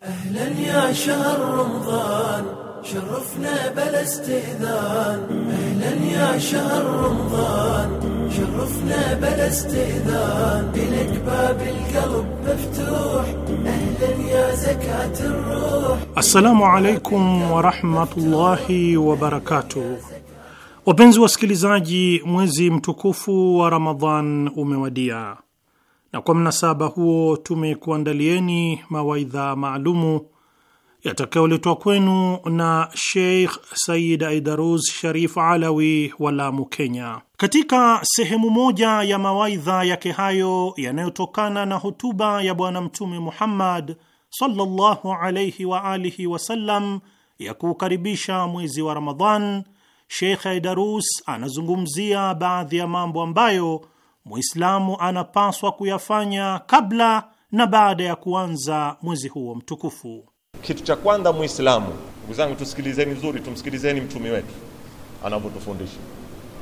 Ahlan ya shahr Ramadhan, sharafna bala istidhan. Ahlan ya shahr Ramadhan شرفنا بلا استئذان لك باب القلب مفتوح أهلا يا زكاة الروح السلام عليكم ورحمة الله وبركاته barakatuh. Wapenzi wasikilizaji, mwezi mtukufu wa Ramadhan umewadia, na kwa mnasaba huo tumekuandalieni mawaidha maalumu yatakayoletwa kwenu na Sheikh Said Aidarus Sharif Alawi wa Lamu, Kenya. Katika sehemu moja ya mawaidha yake hayo yanayotokana na hotuba ya Bwana Mtume Muhammad sallallahu alayhi wa alihi wasallam ya kuukaribisha mwezi wa Ramadhan, Sheikh Aidarus anazungumzia baadhi ya mambo ambayo Muislamu anapaswa kuyafanya kabla na baada ya kuanza mwezi huo mtukufu. Kitu cha kwanza Muislamu, ndugu zangu, tusikilizeni vizuri, tumsikilizeni mtumi wetu anavyotufundisha.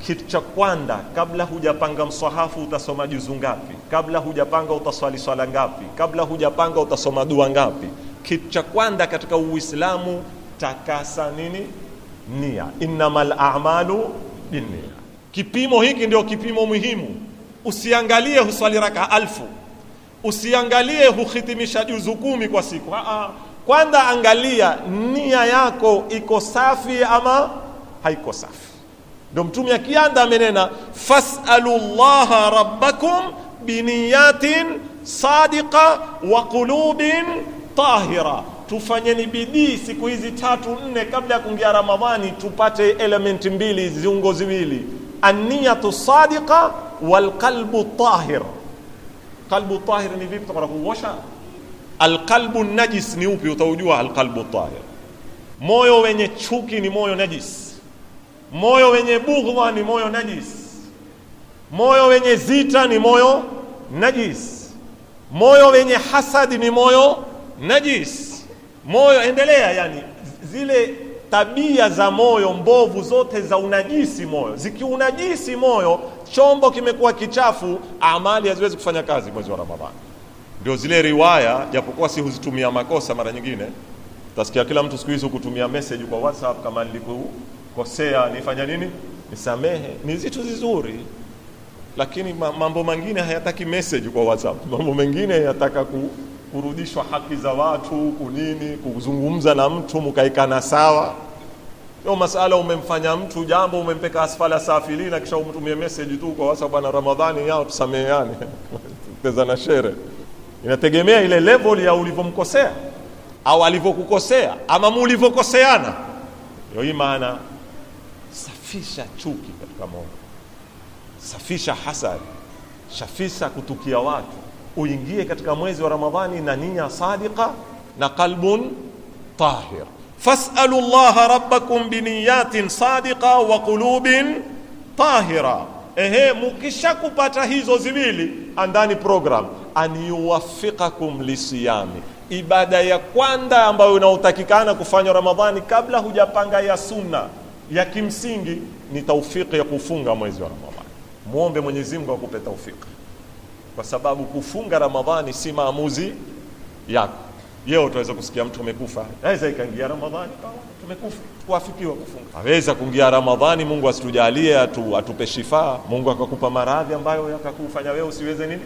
Kitu cha kwanza, kabla hujapanga mswahafu utasoma juzu ngapi? Kabla hujapanga utaswali swala ngapi? Kabla hujapanga utasoma dua ngapi? Kitu cha kwanza katika Uislamu, takasa nini? Nia, innamal a'malu binnia. Kipimo hiki ndio kipimo muhimu. Usiangalie huswali raka alfu, usiangalie huhitimisha juzu kumi kwa siku. Aa, kwanza angalia nia yako iko safi ama haiko safi. Ndio Mtume akianza amenena fasalu llaha rabbakum biniyatin sadiqa wa qulubin tahira. Tufanyeni bidii siku hizi tatu nne kabla ya kuingia Ramadhani, tupate elementi mbili, ziungo ziwili, anniyatu sadiqa walqalbu tahir. Qalbu tahir ni vipi? Tutakwenda kuosha Alqalbu najis ni upi? Utaujua alqalbu tahir. Moyo wenye chuki ni moyo najis, moyo wenye bughwa ni moyo najis, moyo wenye zita ni moyo najis, moyo wenye hasadi ni moyo najis, moyo endelea. Yani zile tabia za moyo mbovu zote za unajisi moyo, zikiunajisi moyo, chombo kimekuwa kichafu, amali haziwezi kufanya kazi mwezi wa Ramadhani. Ndio zile riwaya, japokuwa si huzitumia makosa mara nyingine. Utasikia kila mtu siku hizi kutumia message kwa WhatsApp, kama nilikukosea nifanya nini, nisamehe. Ni zitu zizuri, lakini mambo mengine hayataki message kwa WhatsApp. Mambo mengine yataka ku, kurudishwa haki za watu, kunini, kuzungumza na mtu mkaikana sawa Yo masala umemfanya mtu jambo umempeka asfala safili na kisha umtumie message tu kwa WhatsApp, bwana Ramadhani yao tusameheane tezana shere inategemea ile level ya ulivyomkosea au alivyokukosea ama mulivyokoseana. Ndio hii maana safisha chuki katika moyo, safisha hasad, safisha kutukia watu, uingie katika mwezi wa Ramadhani na nia sadika na qalbun tahir. Fasalu llaha rabbakum biniyatin sadika wa qulubin tahira Ehe, mukishakupata hizo ziwili andani program aniuwafikakum lisiyami, ibada ya kwanza ambayo inaotakikana kufanywa Ramadhani kabla hujapanga ya sunna ya kimsingi ni taufiki ya kufunga mwezi wa Ramadhani. Muombe Mwenyezi Mungu akupe taufiki, kwa sababu kufunga Ramadhani si maamuzi yako yeo utaweza kusikia mtu amekufa, aweza ikaingia Ramadhani tumekufa, kuafikiwa kufunga, aweza kuingia Ramadhani. Mungu asitujalie atu, atupe shifaa, Mungu akakupa maradhi ambayo yakakufanya wewe usiweze nini.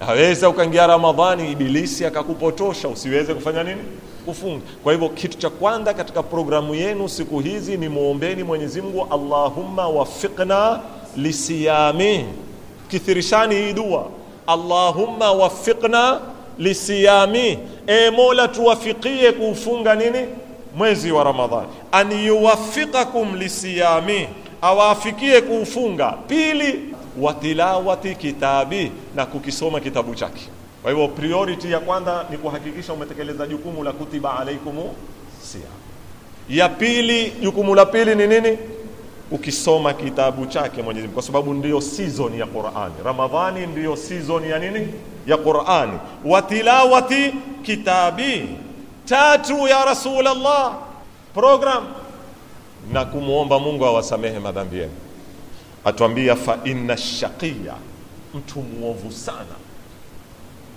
Aweza ukaingia Ramadhani, ibilisi akakupotosha usiweze kufanya nini, kufunga. Kwa hivyo kitu cha kwanza katika programu yenu siku hizi ni muombeni Mwenyezi Mungu, Allahumma wafiqna lisiyami, kithirishani hii dua, Allahumma wafiqna lisiyami e mola tuwafikie kuufunga nini mwezi wa ramadhani an yuwaffiqakum lisiyami awaafikie kuufunga pili wa tilawati kitabi na kukisoma kitabu chake kwa hivyo priority ya kwanza ni kuhakikisha umetekeleza jukumu la kutiba alaikum siyam ya pili jukumu la pili ni nini ukisoma kitabu chake Mwenyezi Mungu, kwa sababu ndiyo season ya Qur'ani. Ramadhani ndiyo season ya nini? Ya Qur'ani. Watilawati kitabi tatu ya Rasulullah program na kumwomba Mungu awasamehe madhambi yenu. Atuambia fa inna shaqiya, mtu mwovu sana,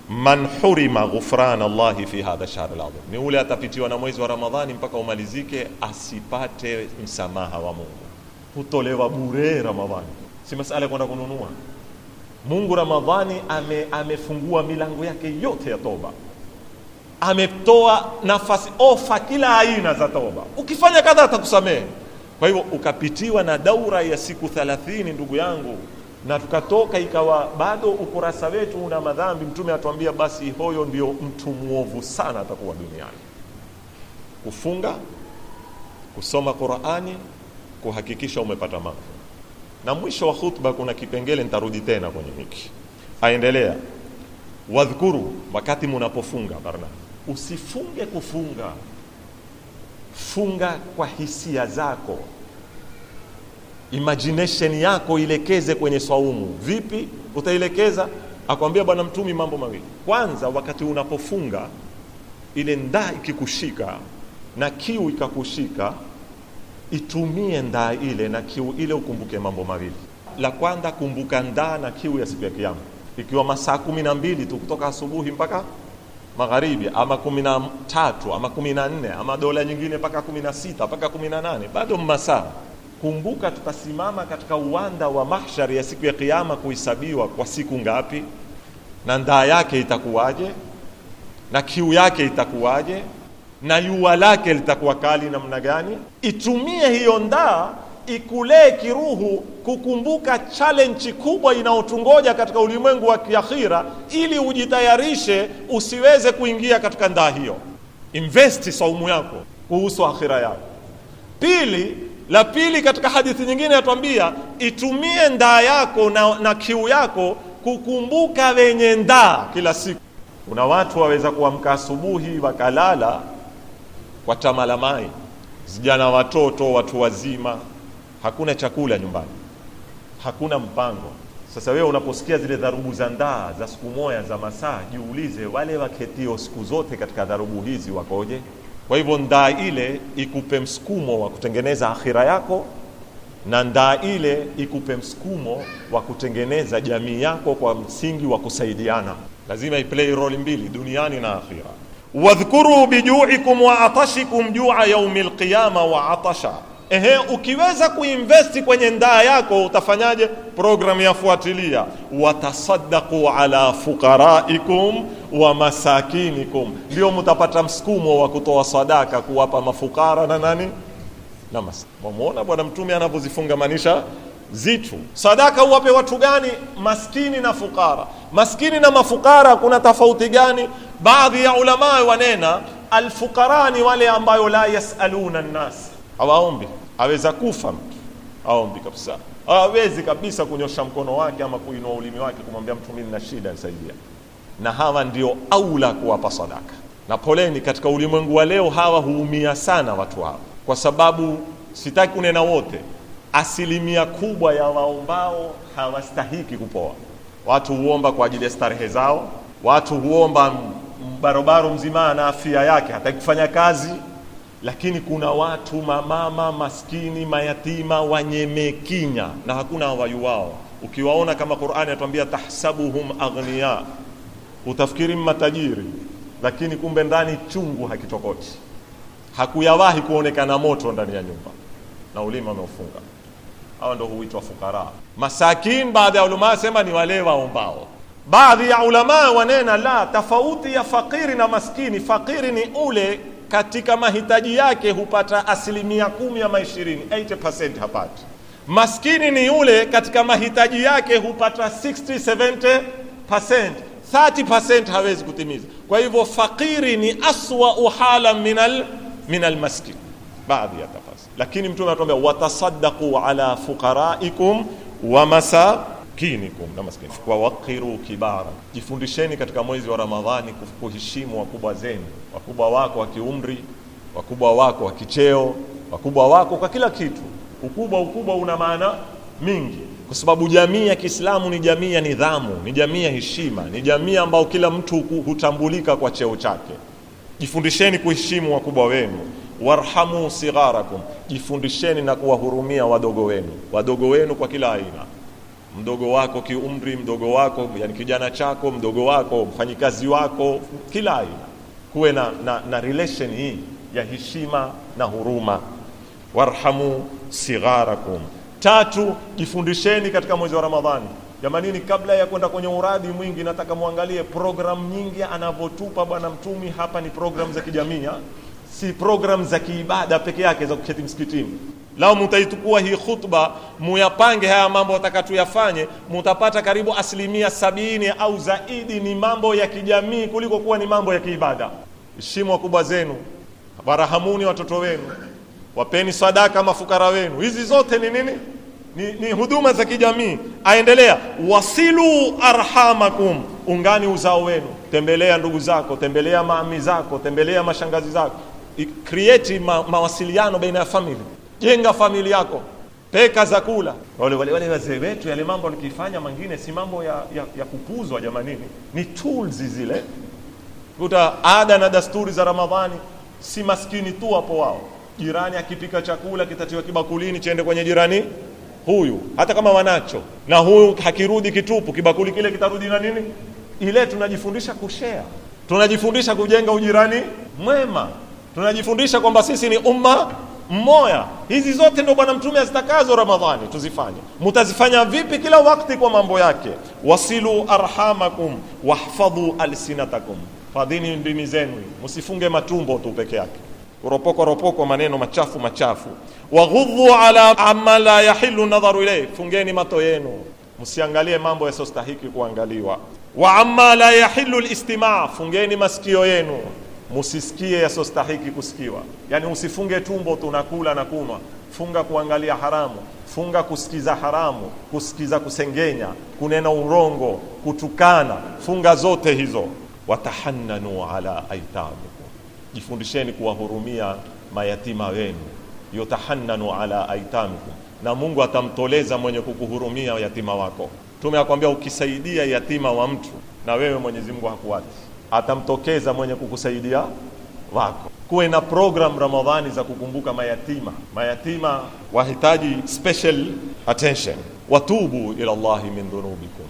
man hurima ghufran Allahi fi hadha shahr al ni ule atapitiwa na mwezi wa Ramadhani mpaka umalizike, asipate msamaha wa Mungu hutolewa bure Ramadhani, si masala ya kwenda kununua. Mungu Ramadhani ame, amefungua milango yake yote ya toba, ametoa nafasi ofa kila aina za toba, ukifanya kadha atakusamehe. Kwa hivyo ukapitiwa na daura ya siku thalathini, ndugu yangu, na tukatoka ikawa bado ukurasa wetu una madhambi, Mtume atuambia basi hoyo ndio mtu mwovu sana atakuwa duniani: kufunga, kusoma Qurani kuhakikisha umepata mambo. Na mwisho wa khutba kuna kipengele nitarudi tena kwenye hiki. Aendelea, wadhkuru, wakati munapofunga barna, usifunge kufunga, funga kwa hisia zako, imagination yako ilekeze kwenye swaumu. Vipi utailekeza? Akwambia Bwana Mtumi mambo mawili. Kwanza, wakati unapofunga ile ndaa ikikushika na kiu ikakushika itumie ndaa ile na kiu ile, ukumbuke mambo mawili. La kwanza, kumbuka ndaa na kiu ya siku ya Kiyama, ikiwa masaa kumi na mbili tu kutoka asubuhi mpaka magharibi, ama kumi na tatu ama kumi na nne ama dola nyingine mpaka kumi na sita mpaka kumi na nane bado masaa Kumbuka tutasimama katika uwanda wa mahshari ya siku ya Kiyama kuhesabiwa kwa siku ngapi, na ndaa yake itakuwaje na kiu yake itakuwaje na yua lake litakuwa kali namna gani. Itumie hiyo ndaa ikulee kiruhu kukumbuka challenge kubwa inayotungoja katika ulimwengu wa kiakhira, ili ujitayarishe usiweze kuingia katika ndaa hiyo. Investi saumu yako kuhusu akhira yako. Pili, la pili, katika hadithi nyingine yatwambia itumie ndaa yako na, na kiu yako kukumbuka wenye ndaa kila siku. Kuna watu waweza kuamka asubuhi wakalala watamalamai zijana watoto, watu wazima, hakuna chakula nyumbani, hakuna mpango. Sasa wewe unaposikia zile dharubu za ndaa za siku moja za masaa, jiulize wale waketio siku zote katika dharubu hizi wakoje? Kwa hivyo ndaa ile ikupe msukumo wa kutengeneza akhira yako, na ndaa ile ikupe msukumo wa kutengeneza jamii yako kwa msingi wa kusaidiana. Lazima iplay role mbili duniani na akhira wadhkuru bijuikum wa atashikum jua yaumil qiyama wa atasha. Ehe, ukiweza kuinvesti kwenye ndaa yako utafanyaje? Programu yafuatilia, watasaddaqu ala fuqaraikum wa masakinikum, ndio mtapata msukumo wa kutoa sadaka, kuwapa mafukara na nani na maskini. Wamuona Bwana Mtume anavyozifungamanisha zitu sadaka uwape watu gani? Maskini na fukara. Maskini na mafukara kuna tofauti gani? Baadhi ya ulama wanena alfuqara ni wale ambayo la yasaluna nnas, hawaombi. Aweza kufa mtu aombi kabisa, hawezi kabisa kunyosha mkono wake ama kuinua ulimi wake kumwambia mtu mimi na shida nisaidia, na hawa ndio aula kuwapa sadaka. Na poleni, katika ulimwengu wa leo hawa huumia sana watu hawa, kwa sababu sitaki kunena wote, asilimia kubwa ya waombao hawastahiki kupoa. Watu huomba kwa ajili ya starehe zao, watu huomba barobaro mzima ana afya yake, hataki kufanya kazi, lakini kuna watu mamama maskini mayatima wanyemekinya na hakuna wayuwao. Ukiwaona kama Qur'ani atuambia tahsabuhum aghnia, utafikiri matajiri, lakini kumbe ndani chungu hakitokoti, hakuyawahi kuonekana moto ndani ya nyumba na ulima ameufunga. Hawa ndio huitwa fukara masakin, baadhi ya ulama sema ni wale waombao. Baadhi ya ulama wanena la, tofauti ya fakiri na maskini, fakiri ni ule katika mahitaji yake hupata asilimia kumi ama ishirini, 80% hapati. Maskini ni yule katika mahitaji yake hupata 60 70%, 30% hawezi kutimiza. Kwa hivyo fakiri ni aswa uhala minal minal maskin, baadhi ya tafasi. Lakini Mtume anatuambia watasaddaqu ala fuqaraikum wa masa maskinikum na maskini wawakiru kibara, jifundisheni katika mwezi wa Ramadhani kuheshimu wakubwa zenu, wakubwa wako wa kiumri, wakubwa wako wa kicheo, wakubwa wako kwa kila kitu. Ukubwa ukubwa una maana mingi, kwa sababu jamii ya Kiislamu ni jamii ya nidhamu, ni jamii ya heshima, ni jamii ambayo kila mtu hutambulika kwa cheo chake. Jifundisheni kuheshimu wakubwa wenu warhamu sigharakum, jifundisheni na kuwahurumia wadogo wenu, wadogo wenu kwa kila aina mdogo wako kiumri, mdogo wako yani kijana chako, mdogo wako, mfanyikazi wako, kila aina, kuwe na, na, na relation hii ya heshima na huruma. Warhamu sigharakum. Tatu, jifundisheni katika mwezi wa Ramadhani. Jamanini, kabla ya kwenda kwenye uradi mwingi, nataka muangalie programu nyingi anavyotupa Bwana Mtumi hapa. Ni programu za kijamii, si programu za kiibada peke yake za kuketi msikitini lao mutaitukua hii khutba muyapange haya mambo watakatuyafanye mutapata karibu asilimia sabini au zaidi ni mambo ya kijamii kuliko kuwa ni mambo ya kiibada heshimu wakubwa zenu warahamuni watoto wenu wapeni sadaka mafukara wenu hizi zote ni nini ni, ni huduma za kijamii aendelea wasilu arhamakum ungani uzao wenu tembelea ndugu zako tembelea maami zako tembelea mashangazi zako create ma, mawasiliano baina ya family jenga familia yako, peka za kula. Wale wale wale wazee wetu, yale mambo nikifanya mengine si mambo ya, ya, ya kupuzwa jamanini, ni tools zile. Kuta ada na dasturi za Ramadhani, si maskini tu hapo wao. Jirani akipika chakula kitatiwa kibakulini chende kwenye jirani huyu, hata kama wanacho, na huyu hakirudi kitupu, kibakuli kile kitarudi na nini ile. Tunajifundisha kushare, tunajifundisha kujenga ujirani mwema, tunajifundisha kwamba sisi ni umma mmoya. Hizi zote ndio Bwana Mtume azitakazo Ramadhani tuzifanye. Mutazifanya vipi? Kila wakati kwa mambo yake. Wasilu arhamakum wahfadhu alsinatakum, fadhini ndimi zenu, msifunge matumbo tu peke yake Uropoko ropoko, maneno machafu machafu. Waghudhu ala amma la yahilu nadharu ilayhi, fungeni mato yenu, msiangalie mambo yasostahiki kuangaliwa. Wa amma la yahilu listimaa, fungeni masikio yenu musisikie yasostahiki kusikiwa. Yani usifunge tumbo tunakula na kunwa, funga kuangalia haramu, funga kusikiza haramu, kusikiza kusengenya, kunena urongo, kutukana, funga zote hizo. Watahannanu ala aitamikum, jifundisheni kuwahurumia mayatima wenu. Yutahannanu ala aitamikum, na Mungu atamtoleza mwenye kukuhurumia yatima wako. Tume akwambia ukisaidia yatima wa mtu, na wewe Mwenyezi Mungu hakuwati atamtokeza mwenye kukusaidia wako. Kuwe na program Ramadhani za kukumbuka mayatima, mayatima wahitaji special attention. Watubu ila Allahi min dhunubikum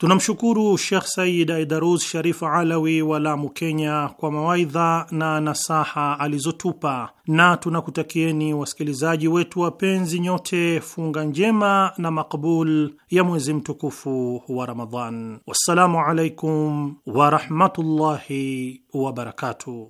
Tunamshukuru Shekh said Aidarus Sharif Alawi wa Lamu, Kenya, kwa mawaidha na nasaha alizotupa, na tunakutakieni wasikilizaji wetu wapenzi nyote funga njema na makbul ya mwezi mtukufu wa Ramadhan. Wassalamu alaikum warahmatullahi wabarakatuh.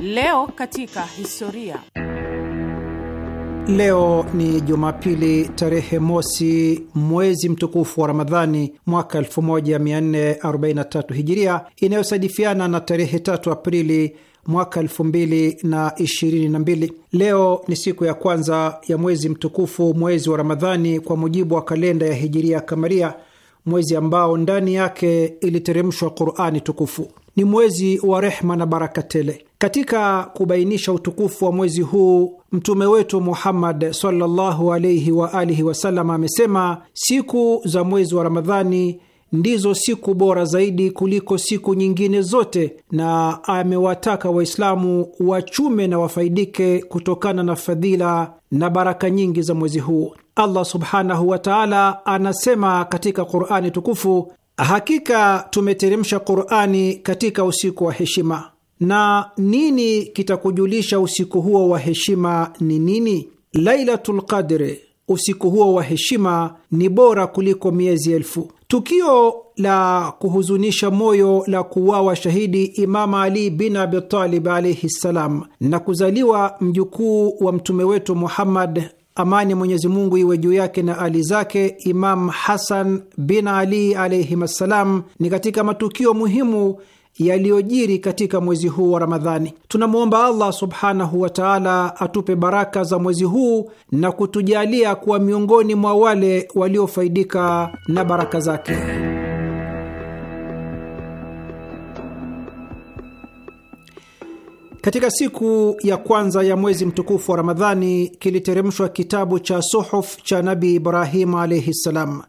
Leo katika historia. Leo ni Jumapili tarehe mosi mwezi mtukufu wa Ramadhani mwaka 1443 Hijiria, inayosadifiana na tarehe 3 Aprili mwaka 2022. Leo ni siku ya kwanza ya mwezi mtukufu, mwezi wa Ramadhani kwa mujibu wa kalenda ya Hijiria Kamaria, mwezi ambao ndani yake iliteremshwa Qurani tukufu ni mwezi wa rehma na baraka tele. Katika kubainisha utukufu wa mwezi huu, mtume wetu Muhammad sallallahu alaihi wa alihi wasallam amesema, siku za mwezi wa Ramadhani ndizo siku bora zaidi kuliko siku nyingine zote, na amewataka Waislamu wachume na wafaidike kutokana na fadhila na baraka nyingi za mwezi huu. Allah subhanahu wa taala anasema katika Qurani tukufu Hakika tumeteremsha Qur'ani katika usiku wa heshima. Na nini kitakujulisha usiku huo wa heshima ni nini? Lailatul Qadri, usiku huo wa heshima ni bora kuliko miezi elfu. Tukio la kuhuzunisha moyo la kuuawa shahidi Imama Ali bin Abitalib alaihi ssalam na kuzaliwa mjukuu wa mtume wetu Muhammad amani ya Mwenyezi Mungu iwe juu yake na ali zake, Imam Hasan bin Ali alaihim assalam, ni katika matukio muhimu yaliyojiri katika mwezi huu wa Ramadhani. Tunamwomba Allah subhanahu wa taala atupe baraka za mwezi huu na kutujalia kuwa miongoni mwa wale waliofaidika na baraka zake. Katika siku ya kwanza ya mwezi mtukufu wa Ramadhani kiliteremshwa kitabu cha suhuf cha Nabi Ibrahimu alaihi ssalam.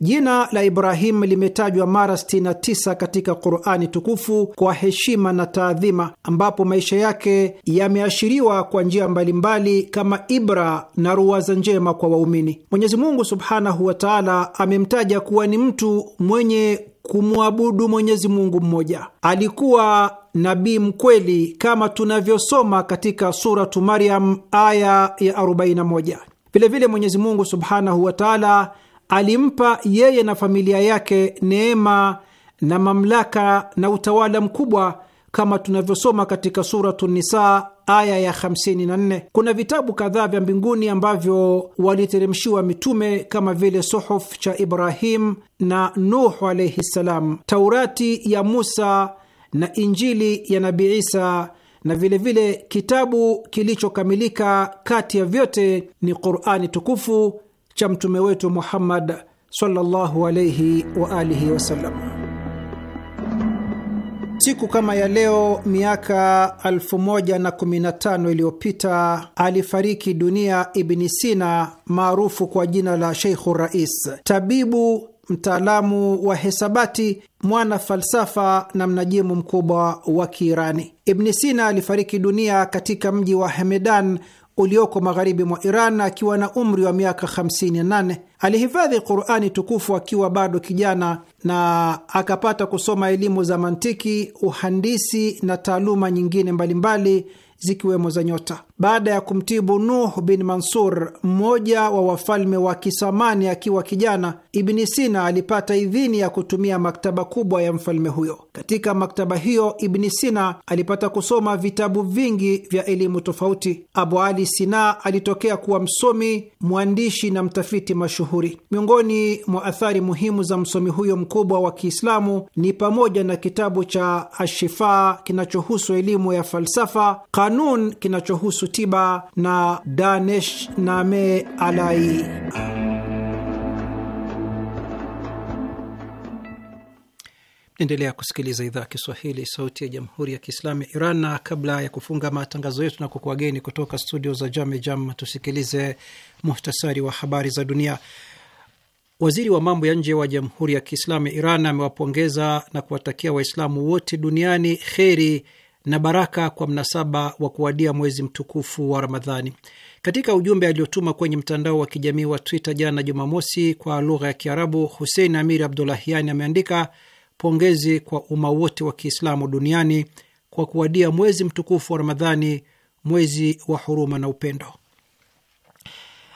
Jina la Ibrahimu limetajwa mara 69 katika Qurani tukufu kwa heshima na taadhima, ambapo maisha yake yameashiriwa kwa njia mbalimbali kama ibra na ruwaza njema kwa waumini. Mwenyezi Mungu subhanahu wa taala amemtaja kuwa ni mtu mwenye kumwabudu Mwenyezi Mungu mmoja. Alikuwa nabii mkweli kama tunavyosoma katika Suratu Maryam aya ya 41. Vilevile Mwenyezi Mungu subhanahu wa taala alimpa yeye na familia yake neema na mamlaka na utawala mkubwa kama tunavyosoma katika Suratu Nisa aya ya 54. Kuna vitabu kadhaa vya mbinguni ambavyo waliteremshiwa mitume kama vile suhuf cha Ibrahim na Nuh alaihi ssalam, Taurati ya Musa na Injili ya nabi Isa na vilevile vile kitabu kilichokamilika kati ya vyote ni Qurani tukufu cha mtume wetu Muhammad sallallahu alaihi wa alihi wasallam. Siku kama ya leo miaka 1015 iliyopita alifariki dunia Ibni Sina maarufu kwa jina la Sheikhu Rais, tabibu mtaalamu wa hesabati, mwana falsafa na mnajimu mkubwa wa Kiirani. Ibni Sina alifariki dunia katika mji wa Hemedan ulioko magharibi mwa Iran akiwa na umri wa miaka 58. Alihifadhi Qurani tukufu akiwa bado kijana na akapata kusoma elimu za mantiki, uhandisi na taaluma nyingine mbalimbali zikiwemo za nyota. Baada ya kumtibu Nuh bin Mansur, mmoja wa wafalme wa Kisamani, akiwa kijana, Ibni Sina alipata idhini ya kutumia maktaba kubwa ya mfalme huyo. Katika maktaba hiyo, Ibni Sina alipata kusoma vitabu vingi vya elimu tofauti. Abu Ali Sina alitokea kuwa msomi, mwandishi na mtafiti mashuhuri. Miongoni mwa athari muhimu za msomi huyo mkubwa wa Kiislamu ni pamoja na kitabu cha Ashifa kinachohusu elimu ya falsafa, Kanun kinachohusu kuhusu tiba na Danesh Name Alai. Naendelea kusikiliza idhaa ya Kiswahili, sauti ya jamhuri ya kiislamu ya Iran, na kabla ya kufunga matangazo yetu na kukuwageni kutoka studio za Jame Jam, tusikilize muhtasari wa habari za dunia. Waziri wa mambo ya nje wa Jamhuri ya Kiislamu ya Iran amewapongeza na kuwatakia Waislamu wote duniani kheri na baraka kwa mnasaba wa kuwadia mwezi mtukufu wa Ramadhani. Katika ujumbe aliotuma kwenye mtandao wa kijamii wa Twitter jana Jumamosi kwa lugha ya Kiarabu, Husein Amir Abdulahiani ameandika pongezi kwa umma wote wa Kiislamu duniani kwa kuwadia mwezi mtukufu wa Ramadhani, mwezi wa huruma na upendo.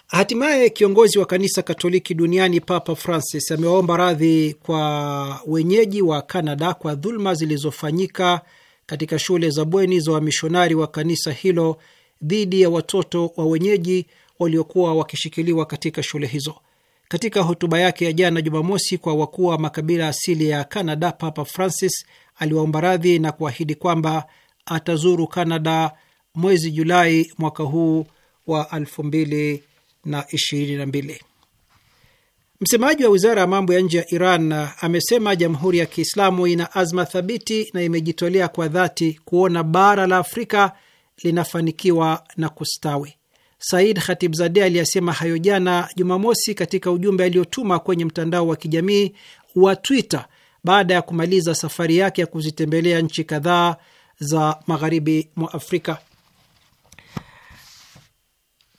Hatimaye kiongozi wa kanisa Katoliki duniani Papa Francis amewaomba radhi kwa wenyeji wa Kanada kwa dhuluma zilizofanyika katika shule za bweni za wamishonari wa kanisa hilo dhidi ya watoto wa wenyeji waliokuwa wakishikiliwa katika shule hizo. Katika hotuba yake ya jana Jumamosi kwa wakuu wa makabila asili ya Kanada, Papa Francis aliwaomba radhi na kuahidi kwamba atazuru Kanada mwezi Julai mwaka huu wa 222 Msemaji wa wizara ya mambo ya nje ya Iran uh, amesema jamhuri ya Kiislamu ina azma thabiti na imejitolea kwa dhati kuona bara la Afrika linafanikiwa na kustawi. Said Khatibzadeh aliyasema hayo jana Jumamosi katika ujumbe aliotuma kwenye mtandao wa kijamii wa Twitter baada ya kumaliza safari yake ya kuzitembelea nchi kadhaa za magharibi mwa Afrika.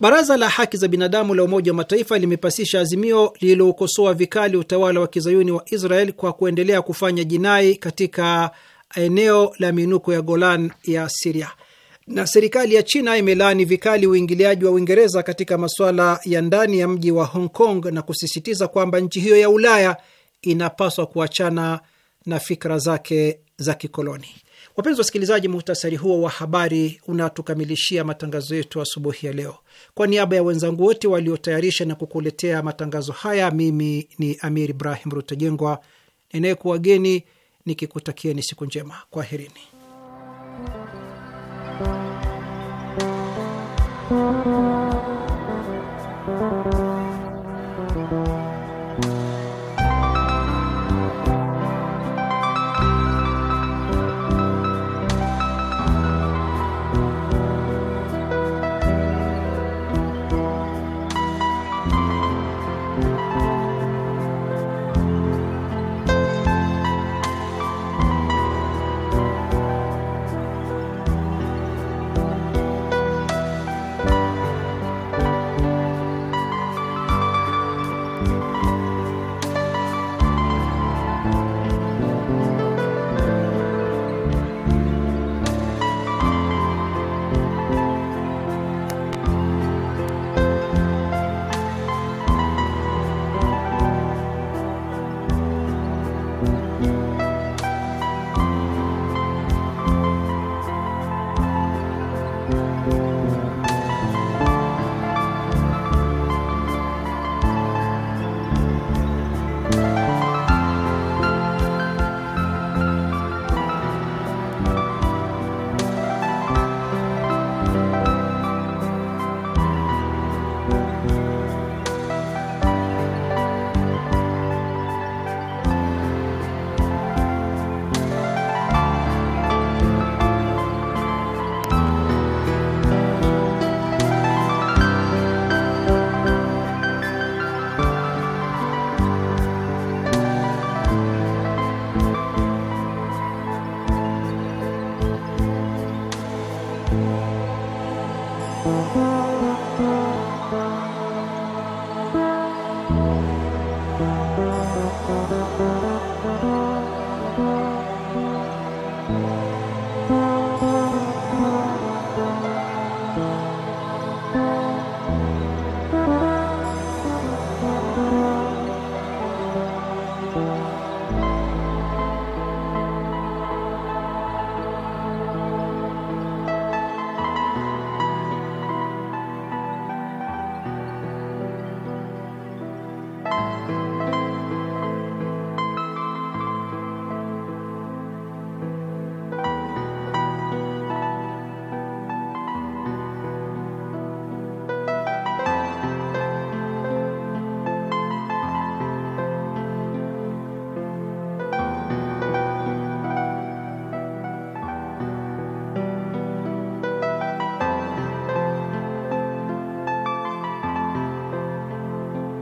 Baraza la haki za binadamu la Umoja wa Mataifa limepasisha azimio lililokosoa vikali utawala wa kizayuni wa Israel kwa kuendelea kufanya jinai katika eneo la miinuko ya Golan ya Siria, na serikali ya China imelaani vikali uingiliaji wa Uingereza katika masuala ya ndani ya mji wa Hong Kong na kusisitiza kwamba nchi hiyo ya Ulaya inapaswa kuachana na fikra zake za kikoloni. Wapenzi wasikilizaji, muhtasari huo wa habari unatukamilishia matangazo yetu asubuhi ya leo. Kwa niaba ya wenzangu wote waliotayarisha na kukuletea matangazo haya, mimi ni Amir Ibrahim Rutajengwa ninayekuwageni nikikutakieni siku njema. Kwaherini.